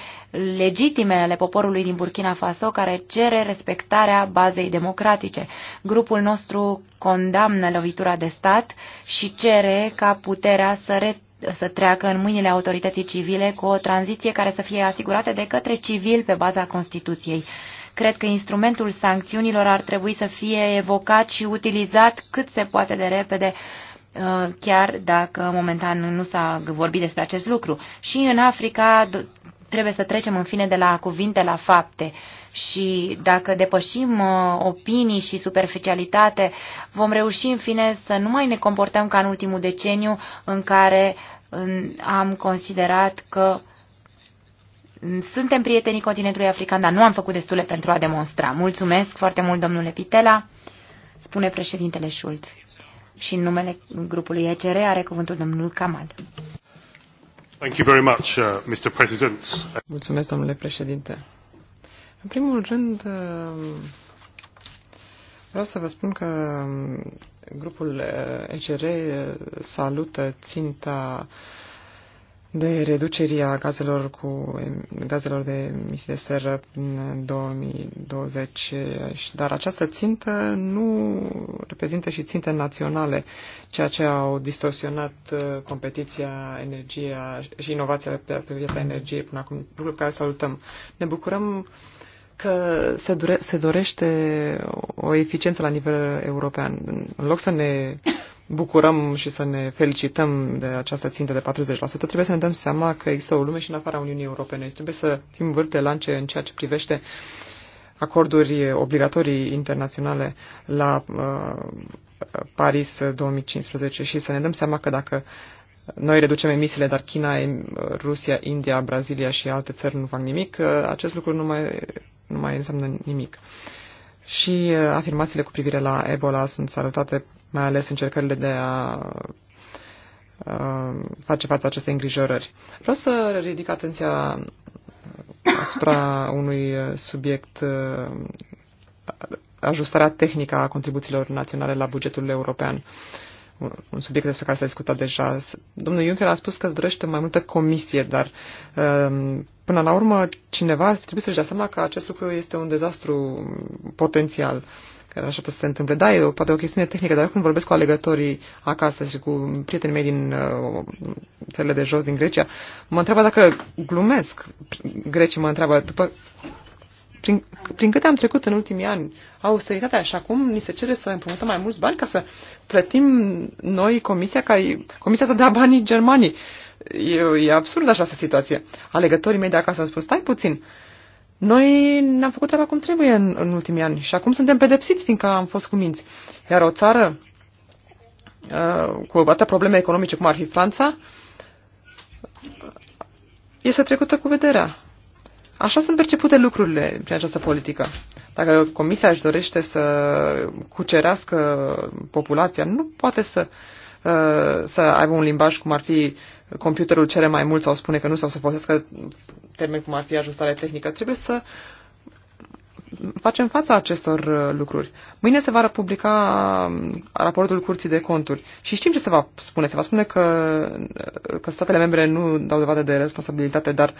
legitime ale poporului din Burkina Faso care cere respectarea bazei democratice. Grupul nostru condamnă lovitura de stat și cere ca puterea să retragă să treacă în mâinile autorității civile cu o tranziție care să fie asigurată de către civil pe baza Constituției. Cred că instrumentul sancțiunilor ar trebui să fie evocat și utilizat cât se poate de repede Uh, chiar dacă momentan nu s-a vorbit despre acest lucru. Și în Africa trebuie să trecem în fine de la cuvinte la fapte și dacă depășim uh, opinii și superficialitate, vom reuși în fine să nu mai ne comportăm ca în ultimul deceniu în care am considerat că suntem prietenii continentului african, dar nu am făcut destule pentru a demonstra. Mulțumesc foarte mult, domnule Pitela, spune președintele Schulz și în numele grupului ECR are cuvântul domnul Kamal. Thank you very much, uh, Mr. President. Mulțumesc, domnule președinte. În primul rând, uh, vreau să vă spun că um, grupul uh, ECR uh, salută ținta uh, de reducerea gazelor, cu, gazelor de emisii de seră în 2020, dar această țintă nu reprezintă și ținte naționale, ceea ce au distorsionat uh, competiția, energia și inovația pe viața energiei până acum, lucru care salutăm. Ne bucurăm că se, dure, se dorește o eficiență la nivel european. În loc să ne bucurăm și să ne felicităm de această țintă de 40%, trebuie să ne dăm seama că există o lume și în afara Uniunii Europene. Deci trebuie să fim vârte de lance în ceea ce privește acorduri obligatorii internaționale la uh, Paris 2015 și să ne dăm seama că dacă noi reducem emisiile, dar China, Rusia, India, Brazilia și alte țări nu fac nimic, uh, acest lucru nu mai, nu mai înseamnă nimic. Și uh, afirmațiile cu privire la Ebola sunt salutate mai ales încercările de a face față acestei îngrijorări. Vreau să ridic atenția asupra unui subiect ajustarea tehnică a contribuțiilor naționale la bugetul european. Un subiect despre care s-a discutat deja. Domnul Juncker a spus că îți dorește mai multă comisie, dar um, până la urmă cineva trebuie să-și dea seama că acest lucru este un dezastru potențial că așa să se întâmple. Da, e poate o chestiune tehnică, dar acum vorbesc cu alegătorii acasă și cu prietenii mei din uh, țările de jos, din Grecia, mă întreabă dacă glumesc. Grecii mă întreabă, după, prin, prin câte am trecut în ultimii ani austeritatea și acum ni se cere să împrumutăm mai mulți bani ca să plătim noi comisia, ca comisia să dea banii germanii. E, e absurd așa situație. Alegătorii mei de acasă s-au spus: stai puțin, uh, noi ne-am făcut treaba cum trebuie în, în ultimii ani și acum suntem pedepsiți fiindcă am fost cu minți. Iar o țară uh, cu atâtea probleme economice cum ar fi Franța este trecută cu vederea. Așa sunt percepute lucrurile prin această politică. Dacă Comisia își dorește să cucerească populația, nu poate să, uh, să aibă un limbaj cum ar fi computerul cere mai mult sau spune că nu sau să folosească termeni cum ar fi ajustare tehnică. Trebuie să facem fața acestor uh, lucruri. Mâine se va publica um, raportul Curții de Conturi și știm ce se va spune. Se va spune că, uh, că statele membre nu dau dovadă de responsabilitate, dar,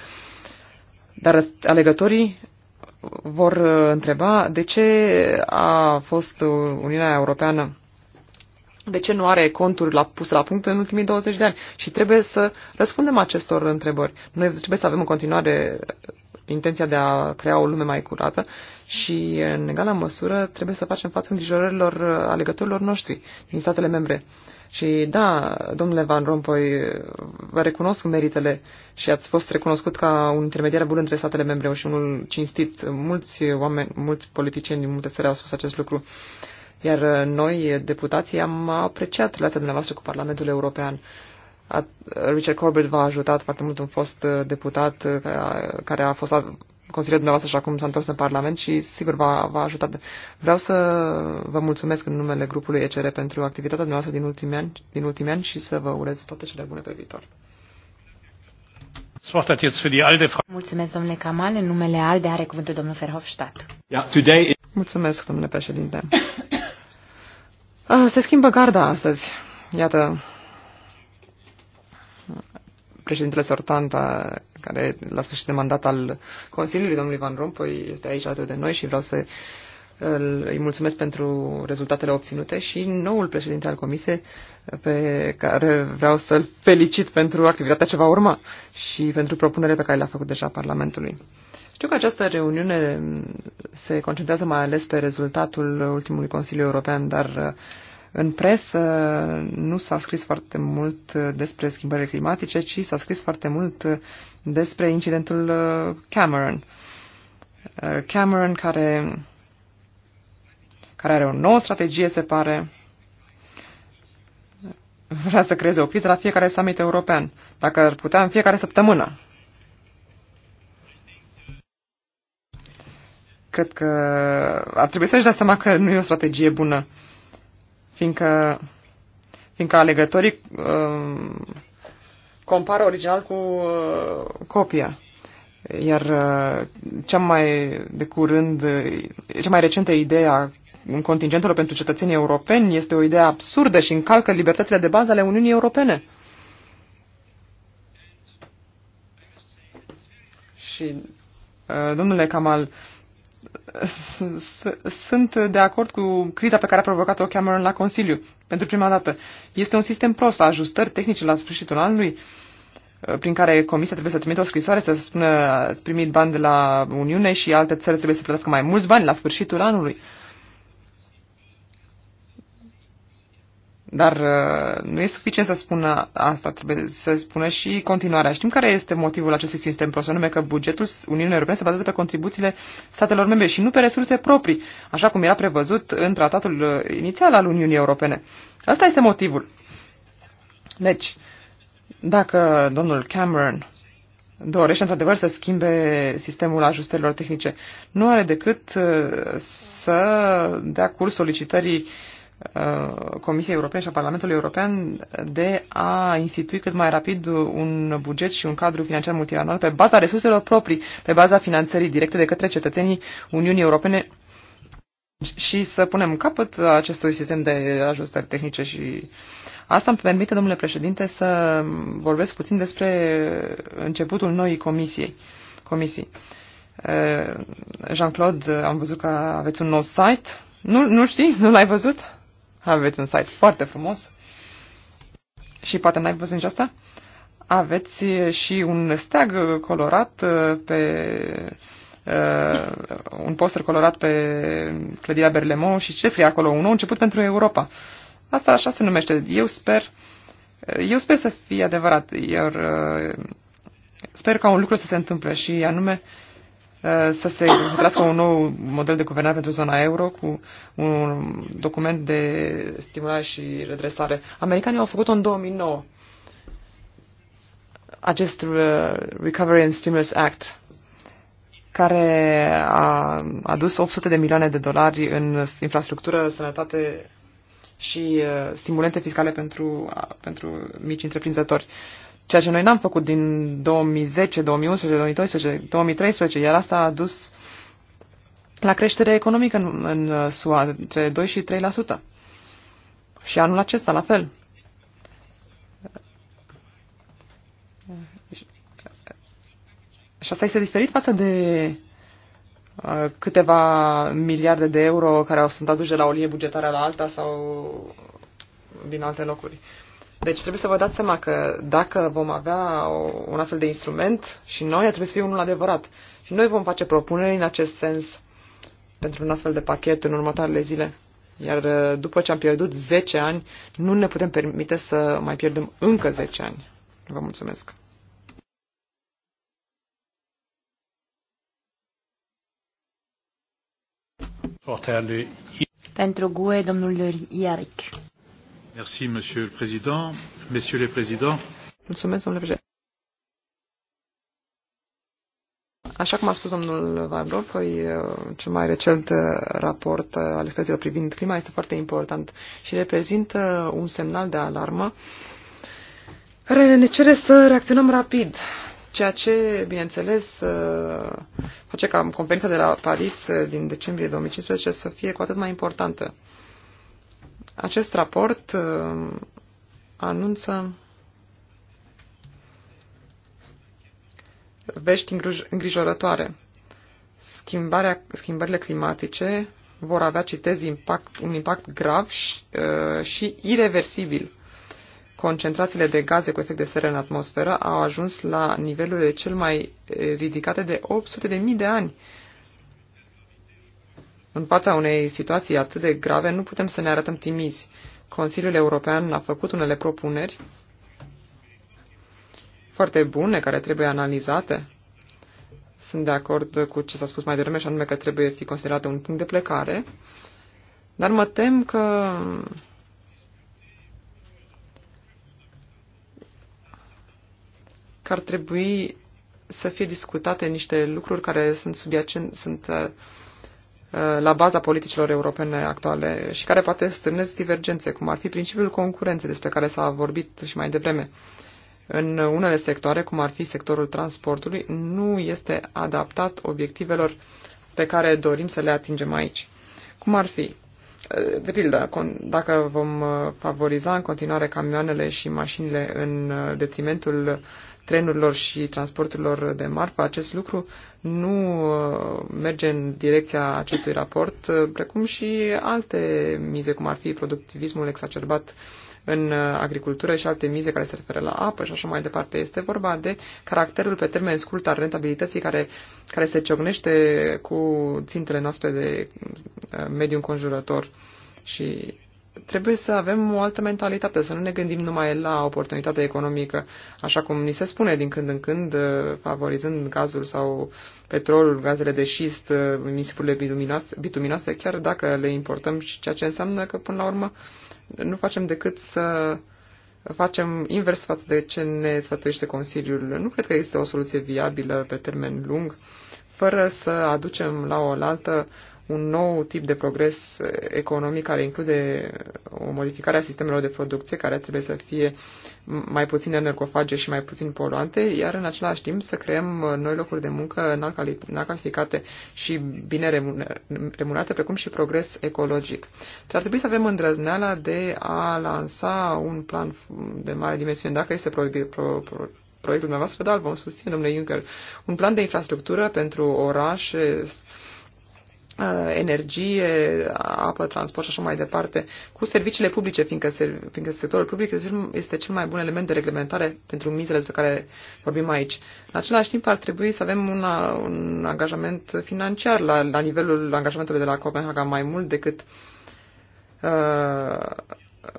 dar alegătorii vor uh, întreba de ce a fost Uniunea Europeană de ce nu are conturi la, puse la punct în ultimii 20 de ani? Și trebuie să răspundem acestor întrebări. Noi trebuie să avem în continuare uh, intenția de a crea o lume mai curată și, în egală măsură, trebuie să facem față îngrijorărilor uh, alegătorilor noștri din statele membre. Și da, domnule Van Rompuy, vă recunosc meritele și ați fost recunoscut ca un intermediar bun între statele membre și unul cinstit. Mulți oameni, mulți politicieni din multe țări au spus acest lucru. Uh, iar uh, noi, uh, deputații, am apreciat relația dumneavoastră cu Parlamentul European. Uh, Richard Corbett v-a ajutat foarte mult, un fost deputat care a fost consilier dumneavoastră și acum s-a întors în Parlament și sigur v-a, v-a ajutat. Vreau să vă mulțumesc în numele grupului ECR pentru activitatea dumneavoastră din ultimii ani, din ultimii ani și să vă urez toate cele bune pe viitor. Mulțumesc, domnule Kamal. În numele ALDE are cuvântul domnul Verhofstadt. Mulțumesc, domnule președinte. Ah, se schimbă garda astăzi. Iată, președintele Sortanta, care la sfârșit de mandat al Consiliului, domnului Van Rompuy, este aici alături de noi și vreau să îi mulțumesc pentru rezultatele obținute și noul președinte al comisiei pe care vreau să-l felicit pentru activitatea ce va urma și pentru propunerea pe care le-a făcut deja Parlamentului. Știu că această reuniune se concentrează mai ales pe rezultatul ultimului Consiliu European, dar uh, în presă nu s-a scris foarte mult uh, despre schimbările climatice, ci s-a scris foarte mult uh, despre incidentul Cameron. Cameron care, care are o nouă strategie, se pare, vrea să creeze o criză la fiecare summit european. Dacă ar putea în fiecare săptămână, Cred că ar trebui să-și dea seama că nu e o strategie bună, fiindcă, fiindcă alegătorii uh, compară original cu uh, copia. Iar uh, cea mai de curând, uh, cea mai recentă idee a contingentului pentru cetățenii europeni este o idee absurdă și încalcă libertățile de bază ale Uniunii Europene. Și, uh, domnule Kamal, sunt de acord cu criza pe care a provocat-o Cameron la Consiliu, pentru prima dată. Este un sistem prost, ajustări tehnice la sfârșitul anului, uh, prin care Comisia trebuie să trimită o scrisoare să spună ați primit bani de la Uniune și alte țări trebuie să plătească mai mulți bani la sfârșitul anului. Dar uh, nu e suficient să spună asta, trebuie să spună și continuarea. Știm care este motivul acestui sistem prost, anume că bugetul Uniunii Europene se bazează pe contribuțiile statelor membre și nu pe resurse proprii, așa cum era prevăzut în tratatul uh, inițial al Uniunii Europene. Asta este motivul. Deci, dacă domnul Cameron dorește într-adevăr să schimbe sistemul ajustărilor tehnice, nu are decât uh, să dea curs solicitării uh, Uh, comisiei Europene și a Parlamentului European de a institui cât mai rapid un buget și un cadru financiar multianual pe baza resurselor proprii, pe baza finanțării directe de către cetățenii Uniunii Europene și să punem capăt acestui sistem de ajustări tehnice și asta îmi permite, domnule președinte, să vorbesc puțin despre începutul noii comisiei. comisii. Uh, Jean-Claude, am văzut că aveți un nou site. Nu, nu știi? Nu l-ai văzut? Aveți un site foarte frumos. Și poate n-ai văzut nici asta? Aveți eh, și un steag colorat eh, pe uh, un poster colorat pe clădirea Berlemont și ce scrie acolo? Un nou început pentru Europa. Asta așa se numește. Eu sper, eu sper să fie adevărat, iar uh, sper ca un lucru să se întâmple și anume uh, Uh, să se hotărască un nou model de guvernare pentru zona euro cu un document de stimulare și redresare. Americanii au făcut-o în 2009, acest uh, Recovery and Stimulus Act, care a adus 800 de milioane de dolari în infrastructură, sănătate și uh, stimulente fiscale pentru, pentru mici întreprinzători ceea ce noi n-am făcut din 2010, 2011, 2012, 2013, iar asta a dus la creștere economică în, în uh, SUA, între 2 și 3%. Și anul acesta, la fel. Și asta este diferit față de uh, câteva miliarde de euro care au sunt aduși de la o linie bugetară la alta sau din alte locuri. Uh, deci trebuie să vă dați seama că dacă vom avea o, un astfel de instrument și noi, trebuie să fie unul adevărat. Și noi vom face propuneri în acest sens pentru un astfel de pachet în următoarele zile. Iar uh, după ce am pierdut 10 ani, nu ne putem permite să mai pierdem încă 10 ani. Vă mulțumesc! Pentru GUE, domnul Iaric. Monsieur le Président, Messieurs les Présidents. Mulțumesc, domnule președinte. Așa cum a spus domnul Van Rompuy, uh, cel mai recent uh, raport uh, al experților privind clima este foarte important și reprezintă un semnal de alarmă care ne cere să reacționăm rapid, ceea ce, bineînțeles, face ca conferința de la Paris din decembrie 2015 să fie cu atât mai importantă. Acest raport uh, anunță vești îngrijorătoare. Schimbarea, schimbările climatice vor avea, citez, impact, un impact grav și, uh, și irreversibil. Concentrațiile de gaze cu efect de seră în atmosferă au ajuns la nivelurile cel mai eh, ridicate de 800.000 de ani în fața unei situații atât de grave, nu putem să ne arătăm timizi. Consiliul European a făcut unele propuneri foarte bune care trebuie analizate. Sunt de acord cu ce s-a spus mai devreme și anume că trebuie fi considerată un punct de plecare. Dar mă tem că că ar trebui să fie discutate niște lucruri care sunt, subiacent, sunt uh, Uh, la baza politicilor europene actuale și care poate stârnesc divergențe, cum ar fi principiul concurenței despre care s-a vorbit și mai devreme. În unele sectoare, cum ar fi sectorul transportului, nu este adaptat obiectivelor pe care dorim să le atingem aici. Cum ar fi? Uh, de pildă, dacă vom uh, favoriza în continuare camioanele și mașinile în detrimentul trenurilor și transporturilor de marfă, acest lucru nu uh, merge în direcția acestui raport, uh, precum și alte mize, cum ar fi productivismul exacerbat în uh, agricultură și alte mize care se referă la apă și așa mai departe. Este vorba de caracterul pe termen scurt al rentabilității care, care se ciocnește cu țintele noastre de mediu înconjurător și trebuie să avem o altă mentalitate, să nu ne gândim numai la oportunitatea economică, așa cum ni se spune din când în când, uh, favorizând gazul sau petrolul, gazele de șist, emisiile uh, bituminoase, chiar dacă le importăm și ceea ce înseamnă că până la urmă nu facem decât să facem invers față de ce ne sfătuiește Consiliul. Nu cred că există o soluție viabilă pe termen lung, fără să aducem la o altă un nou tip de progres economic care include o modificare a sistemelor de producție care trebuie să fie mai puțin energofage și mai puțin poluante, iar în același timp să creăm noi locuri de muncă înalt calificate și bine remunerate, precum și progres ecologic. Deci ar trebui să avem îndrăzneala de a lansa un plan de mare dimensiune, dacă este pro, pro, pro, proiectul dumneavoastră, dar vom susține, domnule Juncker, un plan de infrastructură pentru orașe, energie, apă, transport și așa mai departe, cu serviciile publice, fiindcă, fiindcă sectorul public este cel mai bun element de reglementare pentru mizele despre care vorbim aici. În același timp, ar trebui să avem una, un angajament financiar la, la nivelul angajamentului de la Copenhaga mai mult decât uh,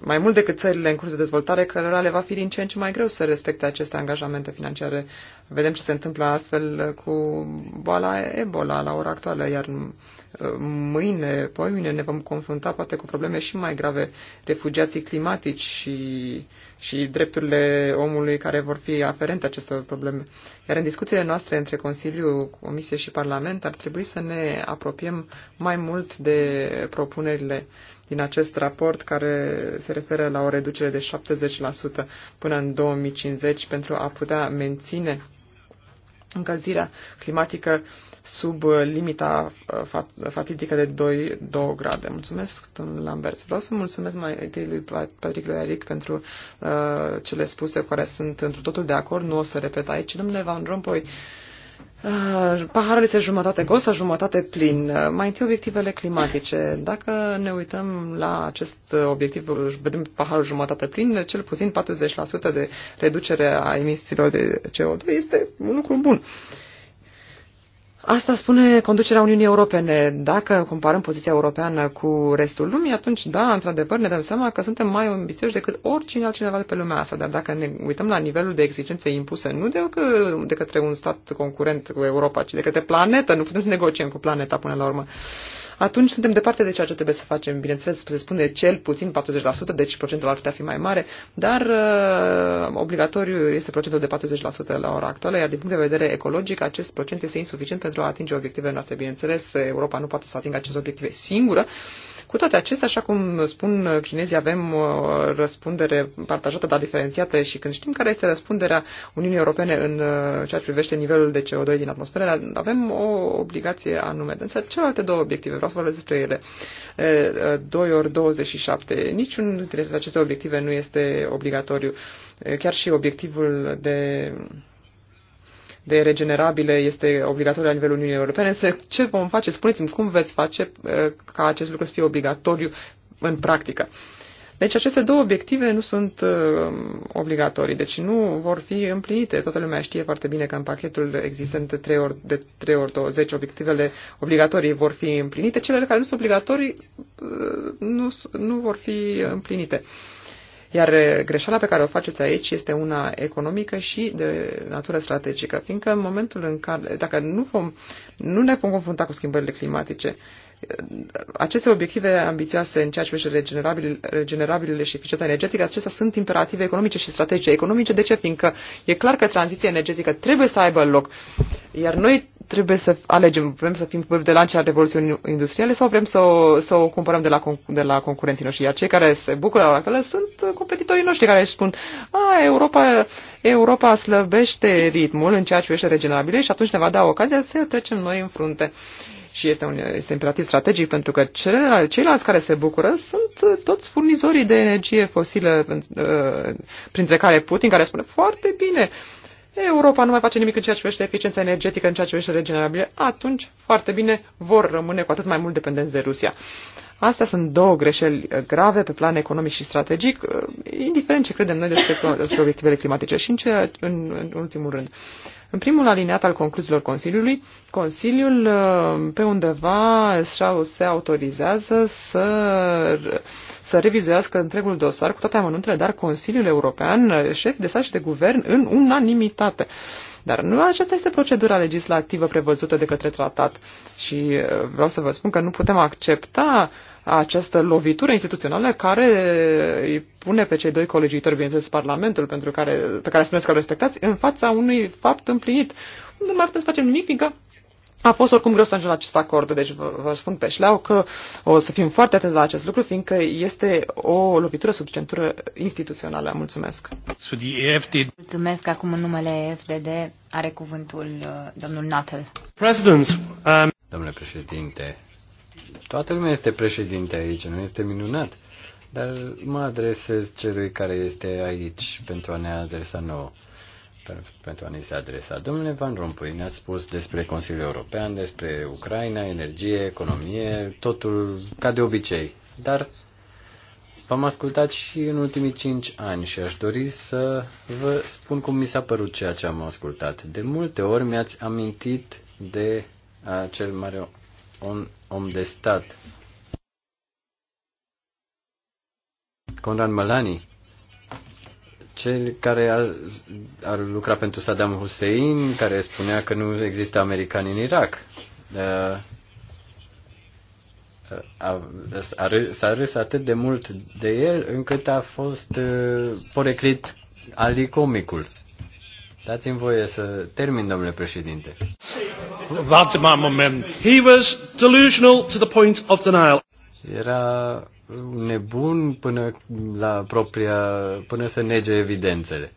mai mult decât țările în curs de dezvoltare, cărora le va fi din ce în ce mai greu să respecte aceste angajamente financiare. Vedem ce se întâmplă astfel cu boala Ebola la ora actuală, iar uh, mâine, poimine, ne vom confrunta poate cu probleme și mai grave, refugiații climatici și, și drepturile omului care vor fi aferente acestor probleme. Iar în discuțiile noastre între Consiliu, Comisie și Parlament ar trebui să ne apropiem mai mult de propunerile din acest raport care se referă la o reducere de 70% până în 2050 pentru a putea menține încălzirea climatică sub limita uh, fatidică de 2, 2 grade. Mulțumesc, domnul Lambert. Vreau să mulțumesc mai întâi lui Patrick lui Eric pentru uh, cele spuse cu care sunt într totul de acord. Nu o să repet aici. Domnule Van Rompuy, uh, Ah, paharul este jumătate gol sau jumătate plin. Mai întâi obiectivele climatice. Dacă ne uităm la acest obiectiv, vedem paharul jumătate plin, cel puțin 40% de reducere a emisiilor de CO2 este un lucru bun. Uh, Asta spune conducerea Uniunii Europene. Dacă comparăm poziția europeană cu restul lumii, atunci, da, într-adevăr, ne dăm seama că suntem mai ambițioși decât oricine altcineva de pe lumea asta. Dar dacă ne uităm la nivelul de exigențe impuse, nu de, de către un stat concurent cu Europa, ci de către planetă, nu putem să negociem cu planeta până la urmă. Uh, atunci suntem departe de ceea ce trebuie să facem. Bineînțeles, se spune cel puțin 40%, deci procentul ar putea fi mai mare, dar uh, obligatoriu este procentul de 40% la ora actuală, iar din punct de vedere ecologic, acest procent este insuficient pentru a atinge obiectivele noastre. Bineînțeles, Europa nu poate să atingă aceste obiective singură. Cu toate acestea, așa cum spun chinezii, avem răspundere partajată, dar diferențiată și când știm care este răspunderea Uniunii Europene în uh, ceea ce privește nivelul de CO2 din atmosferă, avem o obligație anume. Însă celelalte două obiective, vreau să vorbesc despre ele. 2 ori 27. Niciun dintre aceste obiective nu este obligatoriu. Chiar și obiectivul de de regenerabile este obligatoriu la nivelul Uniunii Europene. Ce vom face? Spuneți-mi cum veți face ca acest lucru să fie obligatoriu în practică. Uh, deci aceste două obiective nu sunt uh, obligatorii, deci nu vor fi împlinite. Toată lumea știe foarte bine că în pachetul existent de 3 ori, de 3 ori 20 obiectivele obligatorii vor fi împlinite, cele care nu sunt obligatorii uh, nu, nu vor fi împlinite. Iar uh, greșeala pe care o faceți aici este una economică și de natură strategică, fiindcă în momentul în care, dacă nu, vom, nu ne vom confrunta cu schimbările climatice, uh, aceste obiective ambițioase în ceea ce privește regenerabil, regenerabilele și eficiența energetică, acestea sunt imperative economice și strategice economice. De ce? Fiindcă e clar că tranziția energetică trebuie să aibă loc. Iar noi trebuie să alegem, vrem să fim de lancea revoluției industriale sau vrem să o, să o cumpărăm de la, de la concurenții noștri. Iar cei care se bucură la actuală sunt competitorii noștri care își spun a, Europa, Europa slăbește ritmul în ceea ce privește regenerabile și atunci ne va da ocazia să trecem noi în frunte. Uh, și este, un, este imperativ strategic pentru că ceilalți, ceilalți care se bucură sunt uh, toți furnizorii de energie fosilă, uh, printre care Putin, care spune foarte bine, Europa nu mai face nimic în ceea ce privește eficiența energetică, în ceea ce privește regenerabile, atunci foarte bine vor rămâne cu atât mai mult dependenți de Rusia. Astea sunt două greșeli uh, grave pe plan economic și strategic, indiferent ce credem noi despre, despre obiectivele climatice. Și în, ce, în, în ultimul rând, în primul aliniat al concluziilor Consiliului, Consiliul uh, pe undeva se autorizează să, să revizuiască întregul dosar cu toate amănuntele, dar Consiliul European, șef de stat și de guvern, în unanimitate. Dar nu aceasta este procedura legislativă prevăzută de către tratat și uh, vreau să vă spun că nu putem accepta uh, această lovitură instituțională care îi pune pe cei doi colegiitori, bineînțeles, Parlamentul pentru care, pe care spuneți că îl respectați, în fața unui fapt împlinit. Nu mai putem să facem nimic, fiindcă a fost oricum greu să ajungem la acest acord, deci vă, vă spun pe șleau că o să fim foarte atenți la acest lucru, fiindcă este o lovitură sub centură instituțională. Mulțumesc! Mulțumesc! Acum în numele FDD are cuvântul uh, domnul Nuttall. Um, Domnule președinte, Toată lumea este președinte aici, nu este minunat. Dar mă adresez celui care este aici pentru a ne adresa nouă, pentru a ne se adresa. Domnule Van Rompuy, ne-ați spus despre Consiliul European, despre Ucraina, energie, economie, totul ca de obicei. Dar v-am ascultat și în ultimii cinci ani și aș dori să vă spun cum mi s-a părut ceea ce am ascultat. De multe ori mi-ați amintit de acel mare un om de stat. Conrad Malani, cel care a, a lucrat pentru Saddam Hussein, care spunea că nu există americani în Irak. Da. S-a râs atât de mult de el încât a fost uh, poreclit alicomicul. Comicul. Dați-mi voie să termin, domnule președinte. That's my moment. He was delusional to the point of denial. Era nebun până la propria, până să nege evidențele.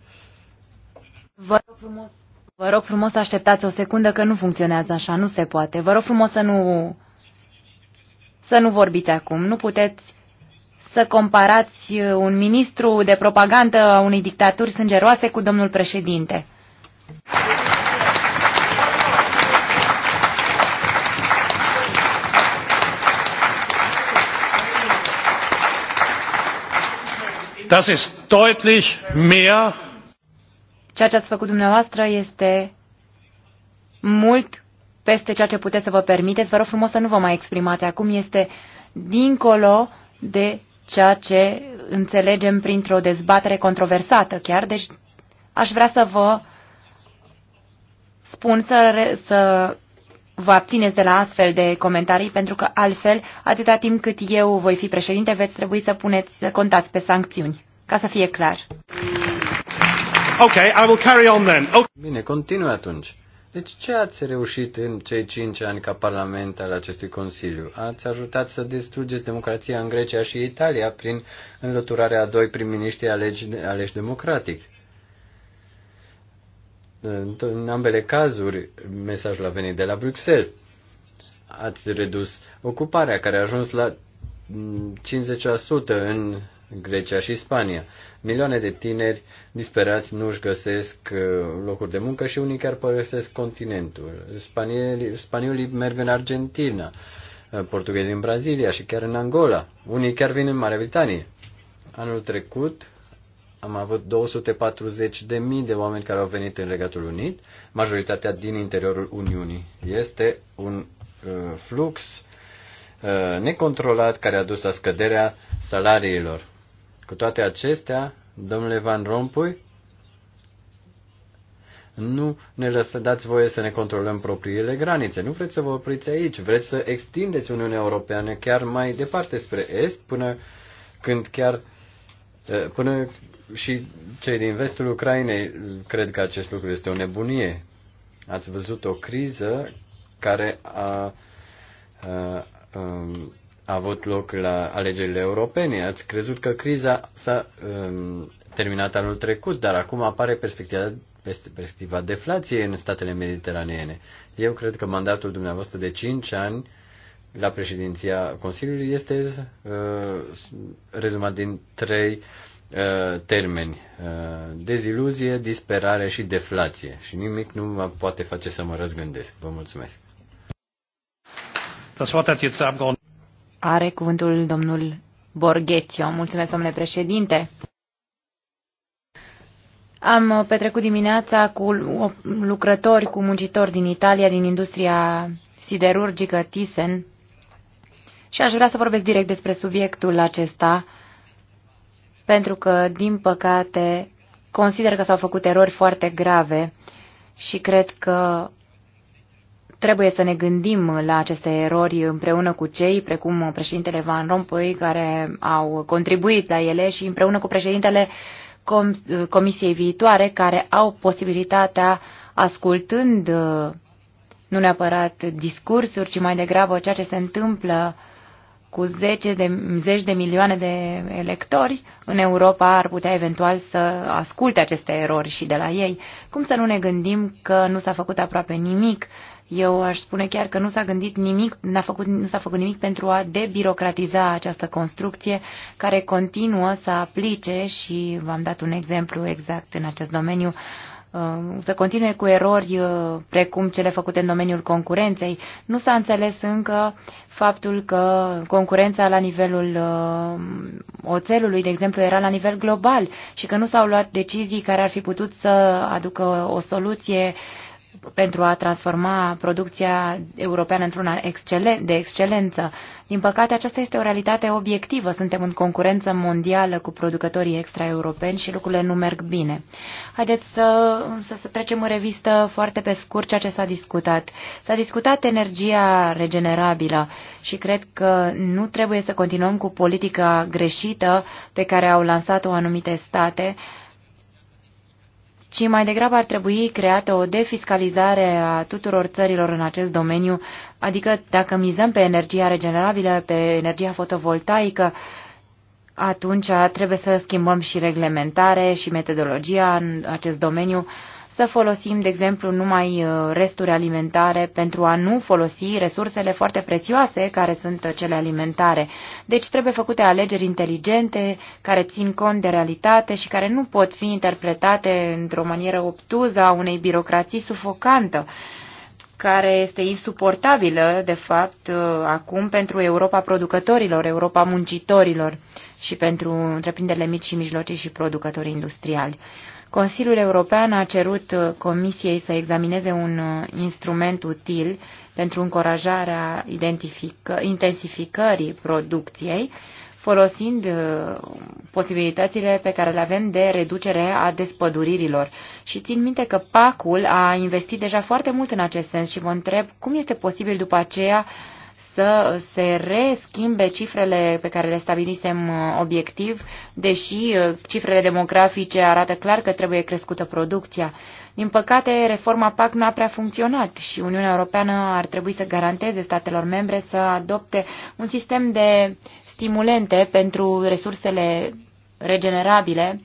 Vă rog frumos, vă rog frumos să așteptați o secundă că nu funcționează așa, nu se poate. Vă rog frumos să nu să nu vorbiți acum. Nu puteți să comparați un ministru de propagandă a unei dictaturi sângeroase cu domnul președinte. Das ist deutlich mehr. Ceea ce ați făcut dumneavoastră este mult peste ceea ce puteți să vă permiteți. Vă rog frumos să nu vă mai exprimate acum. Este dincolo de ceea ce înțelegem printr-o dezbatere controversată chiar. Deci aș vrea să vă spun să, să vă abțineți de la astfel de comentarii, pentru că altfel, atâta timp cât eu voi fi președinte, veți trebui să puneți, să contați pe sancțiuni, ca să fie clar. Okay, I will carry on then. Okay. Bine, continui atunci. Deci ce ați reușit în cei cinci ani ca parlament al acestui Consiliu? Ați ajutat să distrugeți democrația în Grecia și Italia prin înlăturarea a doi prim-miniștri aleși, aleși democratic. În ambele cazuri, mesajul a venit de la Bruxelles. Ați redus ocuparea, care a ajuns la 50% mm, în Grecia și Spania. Milioane de tineri disperați nu își găsesc uh, locuri de muncă și unii chiar părăsesc continentul. Spanielii, spaniolii merg în Argentina, uh, portughezii în Brazilia și chiar în Angola. Unii chiar vin în Marea Britanie. Anul trecut, am avut 240 de mii de oameni care au venit în Regatul Unit, majoritatea din interiorul Uniunii. Este un uh, flux uh, necontrolat care a dus la scăderea salariilor. Cu toate acestea, domnule Van Rompuy, nu ne lăsați voie să ne controlăm propriile granițe. Nu vreți să vă opriți aici, vreți să extindeți Uniunea Europeană chiar mai departe spre est, până când chiar uh, până și cei din vestul Ucrainei cred că acest lucru este o nebunie. Ați văzut o criză care a, a, a, um, a avut loc la alegerile europene. Ați crezut că criza s-a um, terminat anul trecut, dar acum apare perspectiva, perspectiva deflației în statele mediteraneene. Eu cred că mandatul dumneavoastră de 5 ani la președinția Consiliului este uh, rezumat din trei Uh, termeni. Uh, deziluzie, disperare și deflație. Și nimic nu mă poate face să mă răzgândesc. Vă mulțumesc. Are cuvântul domnul Borghețiu. Mulțumesc, domnule președinte. Am petrecut dimineața cu lucrători, cu muncitori din Italia, din industria siderurgică Thyssen și aș vrea să vorbesc direct despre subiectul acesta pentru că, din păcate, consider că s-au făcut erori foarte grave și cred că trebuie să ne gândim la aceste erori împreună cu cei, precum președintele Van Rompuy, care au contribuit la ele și împreună cu președintele Comisiei viitoare, care au posibilitatea, ascultând nu neapărat discursuri, ci mai degrabă ceea ce se întâmplă cu zeci de, zeci de milioane de electori în Europa ar putea eventual să asculte aceste erori și de la ei. Cum să nu ne gândim că nu s-a făcut aproape nimic? Eu aș spune chiar că nu s-a gândit nimic, n-a făcut, nu s-a făcut nimic pentru a debirocratiza această construcție care continuă să aplice și v-am dat un exemplu exact în acest domeniu uh, Uh, să continue cu erori uh, precum cele făcute în domeniul concurenței. Nu s-a înțeles încă faptul că concurența la nivelul uh, oțelului, de exemplu, era la nivel global și că nu s-au luat decizii care ar fi putut să aducă o soluție uh, pentru a transforma producția europeană într-una excelen de excelență. Din păcate, aceasta este o realitate obiectivă. Suntem în concurență mondială cu producătorii extraeuropeni și lucrurile nu merg bine. Haideți să, să, să trecem în revistă foarte pe scurt ceea ce s-a discutat. S-a discutat energia regenerabilă și cred că nu trebuie să continuăm cu politica greșită pe care au lansat-o anumite state, uh, ci mai degrabă ar trebui creată o defiscalizare a tuturor țărilor în acest domeniu, adică dacă mizăm pe energia regenerabilă, pe energia fotovoltaică, atunci trebuie să schimbăm și reglementare și metodologia în acest domeniu, să folosim, de exemplu, numai uh, resturi alimentare pentru a nu folosi resursele foarte prețioase care sunt uh, cele alimentare. Deci trebuie făcute alegeri inteligente care țin cont de realitate și care nu pot fi interpretate într-o manieră obtuză a unei birocrații sufocantă care este insuportabilă, de fapt, uh, acum pentru Europa producătorilor, Europa muncitorilor și pentru întreprinderile mici și mijlocii și producătorii industriali. Consiliul European a cerut uh, Comisiei să examineze un uh, instrument util pentru încurajarea intensificării producției, folosind uh, posibilitățile pe care le avem de reducere a despăduririlor. Și țin minte că PAC-ul a investit deja foarte mult în acest sens și vă întreb cum este posibil după aceea să se reschimbe cifrele pe care le stabilisem uh, obiectiv, deși uh, cifrele demografice arată clar că trebuie crescută producția. Din păcate, reforma PAC nu a prea funcționat și Uniunea Europeană ar trebui să garanteze statelor membre să adopte un sistem de stimulente pentru resursele regenerabile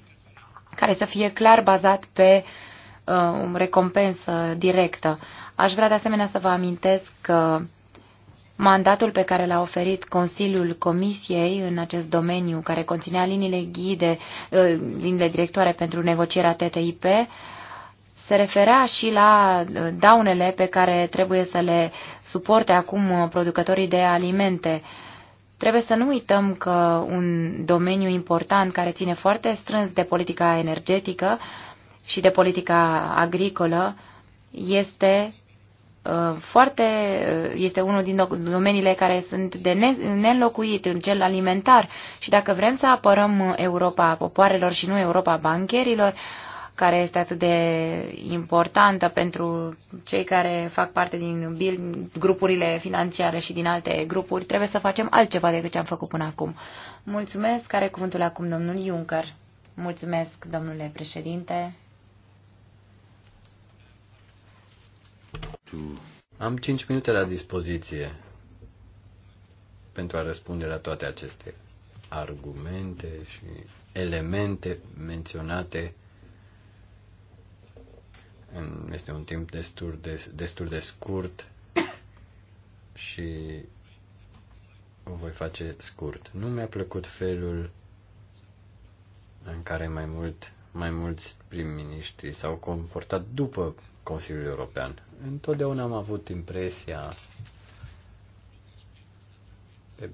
care să fie clar bazat pe uh, recompensă directă. Aș vrea de asemenea să vă amintesc că Mandatul pe care l-a oferit Consiliul Comisiei în acest domeniu, care conținea liniile ghide, ă, liniile directoare pentru negocierea TTIP, se referea și la ă, daunele pe care trebuie să le suporte acum producătorii de alimente. Trebuie să nu uităm că un domeniu important care ține foarte strâns de politica energetică și de politica agricolă este Uh, foarte, uh, este unul din domeniile care sunt de nelocuit în cel alimentar și dacă vrem să apărăm Europa popoarelor și nu Europa bancherilor, care este atât de importantă pentru cei care fac parte din grupurile financiare și din alte grupuri, trebuie să facem altceva decât ce am făcut până acum. Mulțumesc. Care cuvântul acum, domnul Juncker? Mulțumesc, domnule președinte. Am cinci minute la dispoziție pentru a răspunde la toate aceste argumente și elemente menționate. Este un timp destul de, destul de scurt și o voi face scurt. Nu mi-a plăcut felul în care mai mult mai mulți prim-miniștri s-au comportat după Consiliul European. Întotdeauna am avut impresia, pe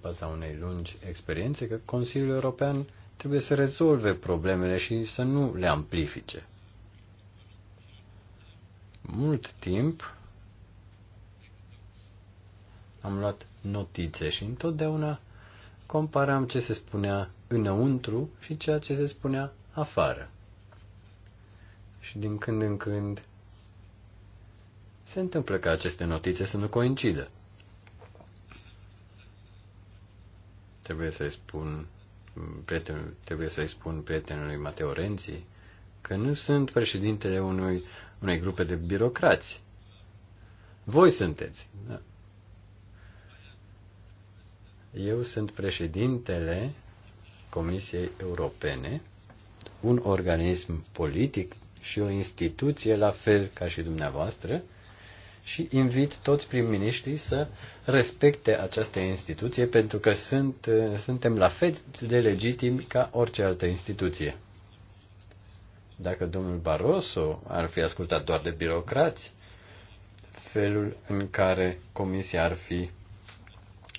baza unei lungi experiențe, că Consiliul European trebuie să rezolve problemele și să nu le amplifice. Mult timp am luat notițe și întotdeauna comparam ce se spunea înăuntru și ceea ce se spunea afară și din când în când se întâmplă ca aceste notițe să nu coincidă. Trebuie să-i spun, prieten, trebuie să-i spun prietenului Mateo Renzi că nu sunt președintele unui, unei grupe de birocrați. Voi sunteți. Da. Eu sunt președintele Comisiei Europene, un organism politic și o instituție la fel ca și dumneavoastră și invit toți prim-miniștrii să respecte această instituție pentru că sunt, suntem la fel de legitimi ca orice altă instituție. Dacă domnul Barroso ar fi ascultat doar de birocrați, felul în care comisia ar fi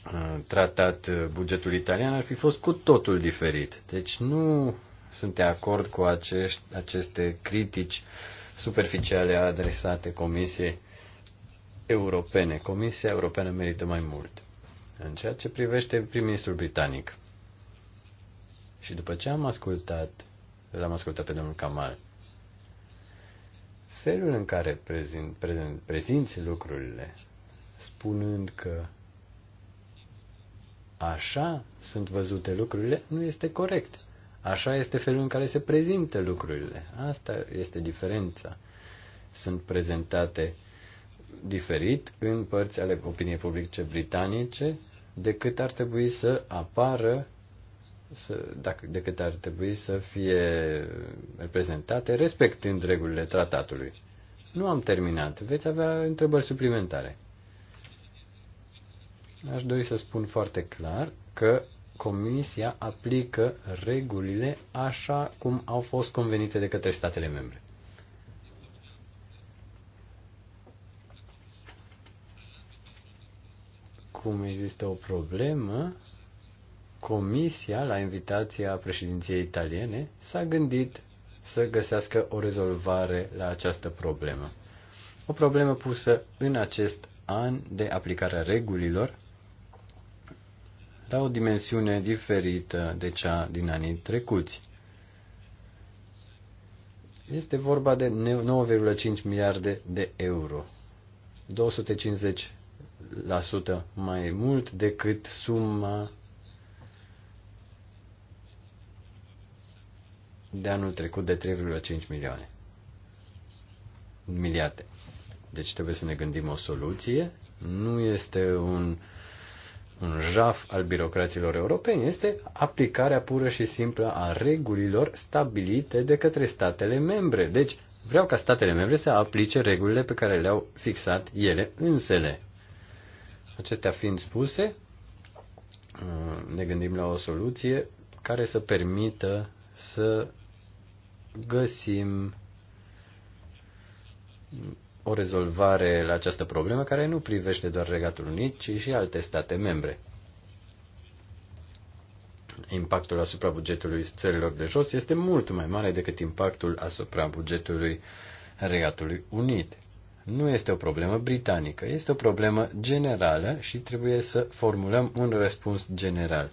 uh, tratat uh, bugetul italian ar fi fost cu totul diferit. Deci nu sunt de acord cu acești, aceste critici superficiale adresate Comisiei Europene. Comisia Europeană merită mai mult. În ceea ce privește prim-ministrul britanic. Și după ce am ascultat, l-am ascultat pe domnul Kamal, felul în care prezint, prezint, prezinți lucrurile, spunând că așa sunt văzute lucrurile, nu este corect. Așa este felul în care se prezintă lucrurile. Asta este diferența. Sunt prezentate diferit în părți ale opiniei publice britanice decât ar trebui să apară să, dacă, decât ar trebui să fie reprezentate respectând regulile tratatului. Nu am terminat. Veți avea întrebări suplimentare. Aș dori să spun foarte clar că Comisia aplică regulile așa cum au fost convenite de către statele membre. Cum există o problemă, Comisia, la invitația președinției italiene, s-a gândit să găsească o rezolvare la această problemă. O problemă pusă în acest an de aplicarea regulilor la da, o dimensiune diferită de cea din anii trecuți. Este vorba de 9,5 miliarde de euro, 250% mai mult decât suma de anul trecut de 3,5 milioane miliarde. Deci trebuie să ne gândim o soluție. Nu este un uh, un jaf al birocraților europeni este aplicarea pură și simplă a regulilor stabilite de către statele membre. Deci, vreau ca statele membre să aplice regulile pe care le-au fixat ele însele. Acestea fiind spuse, ne gândim la o soluție care să permită să găsim o rezolvare la această problemă care nu privește doar Regatul Unit, ci și alte state membre. Impactul asupra bugetului țărilor de jos este mult mai mare decât impactul asupra bugetului Regatului Unit. Nu este o problemă britanică, este o problemă generală și trebuie să formulăm un răspuns general.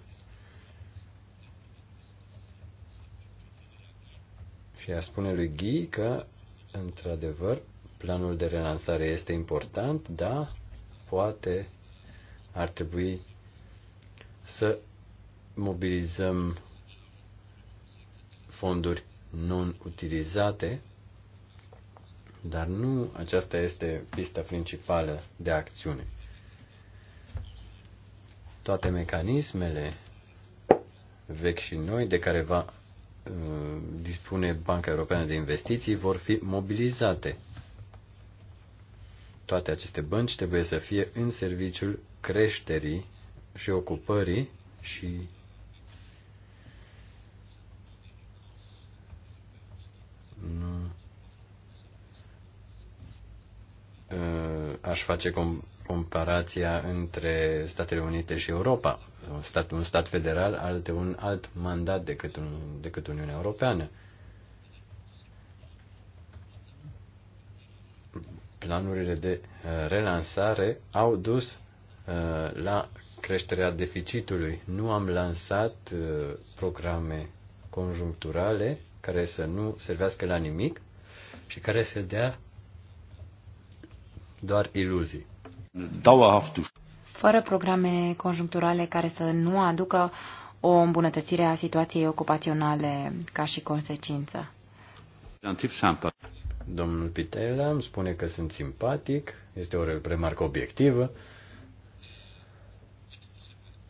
Și a spune lui Ghi că, într-adevăr, Planul de relansare este important, da, poate ar trebui să mobilizăm fonduri non-utilizate, dar nu aceasta este pista principală de acțiune. Toate mecanismele vechi și noi de care va uh, dispune Banca Europeană de Investiții vor fi mobilizate. Toate aceste bănci trebuie să fie în serviciul creșterii și ocupării și nu ă, aș face comparația între Statele Unite și Europa. Un stat, un stat federal are un alt mandat decât, un, decât Uniunea Europeană. planurile de uh, relansare au dus uh, la creșterea deficitului. Nu am lansat uh, programe conjuncturale care să nu servească la nimic și care să dea doar iluzii. fără programe conjuncturale care să nu aducă o îmbunătățire a situației ocupaționale ca și consecință. Un tip simplu. Domnul Pitela îmi spune că sunt simpatic, este o remarcă obiectivă,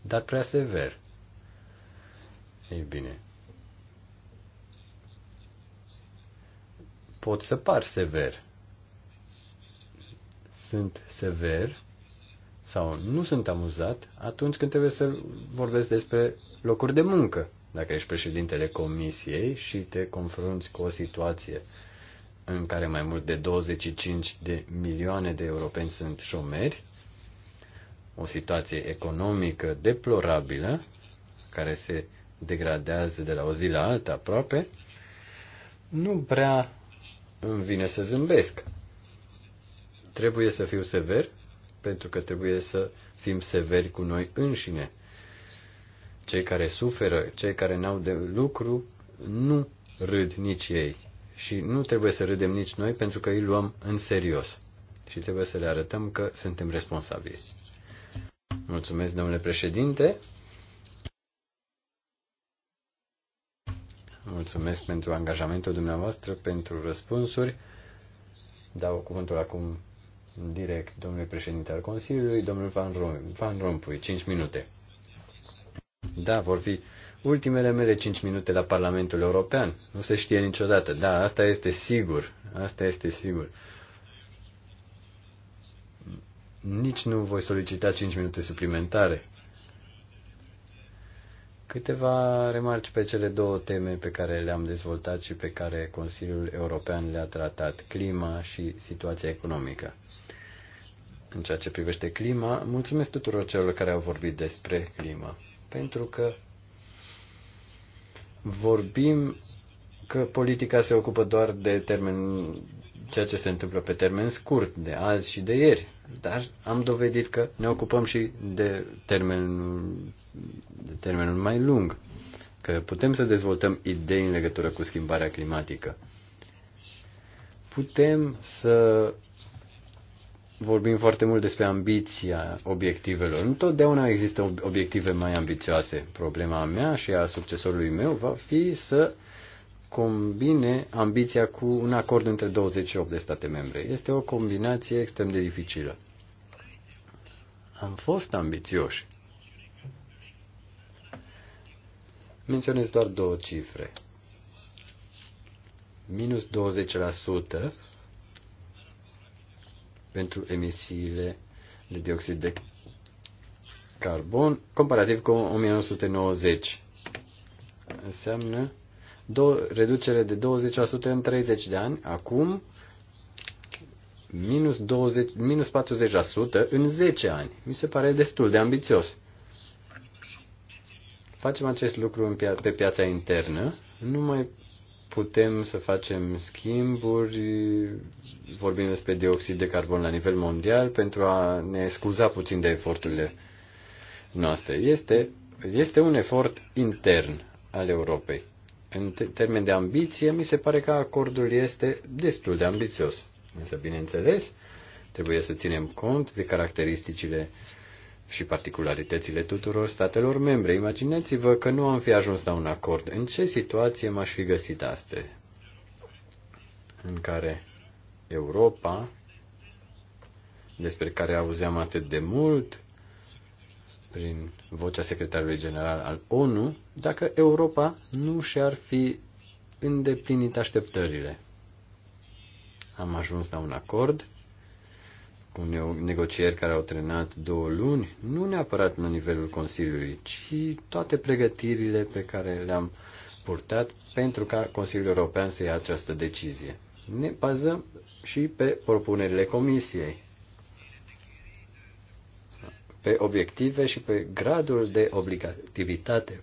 dar prea sever. Ei bine. Pot să par sever. Sunt sever sau nu sunt amuzat atunci când trebuie să vorbesc despre locuri de muncă. Dacă ești președintele comisiei și te confrunți cu o situație uh, în care mai mult de 25 de milioane de europeni sunt șomeri, o situație economică deplorabilă, care se degradează de la o zi la alta aproape, nu prea îmi vine să zâmbesc. Trebuie să fiu sever, pentru că trebuie să fim severi cu noi înșine. Cei care suferă, cei care n-au de lucru, nu râd nici ei și nu trebuie să râdem nici noi pentru că îi luăm în serios și trebuie să le arătăm că suntem responsabili. Mulțumesc, domnule președinte. Mulțumesc pentru angajamentul dumneavoastră, pentru răspunsuri. Dau cuvântul acum direct domnului președinte al Consiliului, domnul Van, Van Rompuy, 5 minute. Da, vor fi ultimele mele 5 minute la Parlamentul European. Nu se știe niciodată. Da, asta este sigur. Asta este sigur. Nici nu voi solicita 5 minute suplimentare. Câteva remarci pe cele două teme pe care le-am dezvoltat și pe care Consiliul European le-a tratat, clima și situația economică. În ceea ce privește clima, mulțumesc tuturor celor care au vorbit despre clima, pentru că vorbim că politica se ocupă doar de termen, ceea ce se întâmplă pe termen scurt, de azi și de ieri, dar am dovedit că ne ocupăm și de termenul, de termenul mai lung, că putem să dezvoltăm idei în legătură cu schimbarea climatică. Putem să vorbim foarte mult despre ambiția obiectivelor. Nu totdeauna există obiective mai ambițioase. Problema mea și a succesorului meu va fi să combine ambiția cu un acord între 28 de state membre. Este o combinație extrem de dificilă. Am fost ambițioși. Menționez doar două cifre. Minus 20% pentru emisiile de dioxid de carbon comparativ cu 1990. Înseamnă do- reducere de 20% în 30 de ani, acum minus, 20, minus 40% în 10 ani. Mi se pare destul de ambițios. Facem acest lucru în pia- pe piața internă numai putem să facem schimburi, vorbim despre dioxid de carbon la nivel mondial, pentru a ne scuza puțin de eforturile noastre. Este, este un efort intern al Europei. În termen de ambiție, mi se pare că acordul este destul de ambițios. Însă, bineînțeles, trebuie să ținem cont de caracteristicile uh, și particularitățile tuturor statelor membre. Imaginați-vă că nu am fi ajuns la un acord. În ce situație m-aș fi găsit astăzi? În care Europa, despre care auzeam atât de mult, prin vocea secretarului general al ONU, dacă Europa nu și-ar fi îndeplinit așteptările. Am ajuns la un acord negocieri care au trenat două luni, nu neapărat la nivelul Consiliului, ci toate pregătirile pe care le-am purtat pentru ca Consiliul European să ia această decizie. Ne bazăm și pe propunerile Comisiei, pe obiective și pe gradul de obligativitate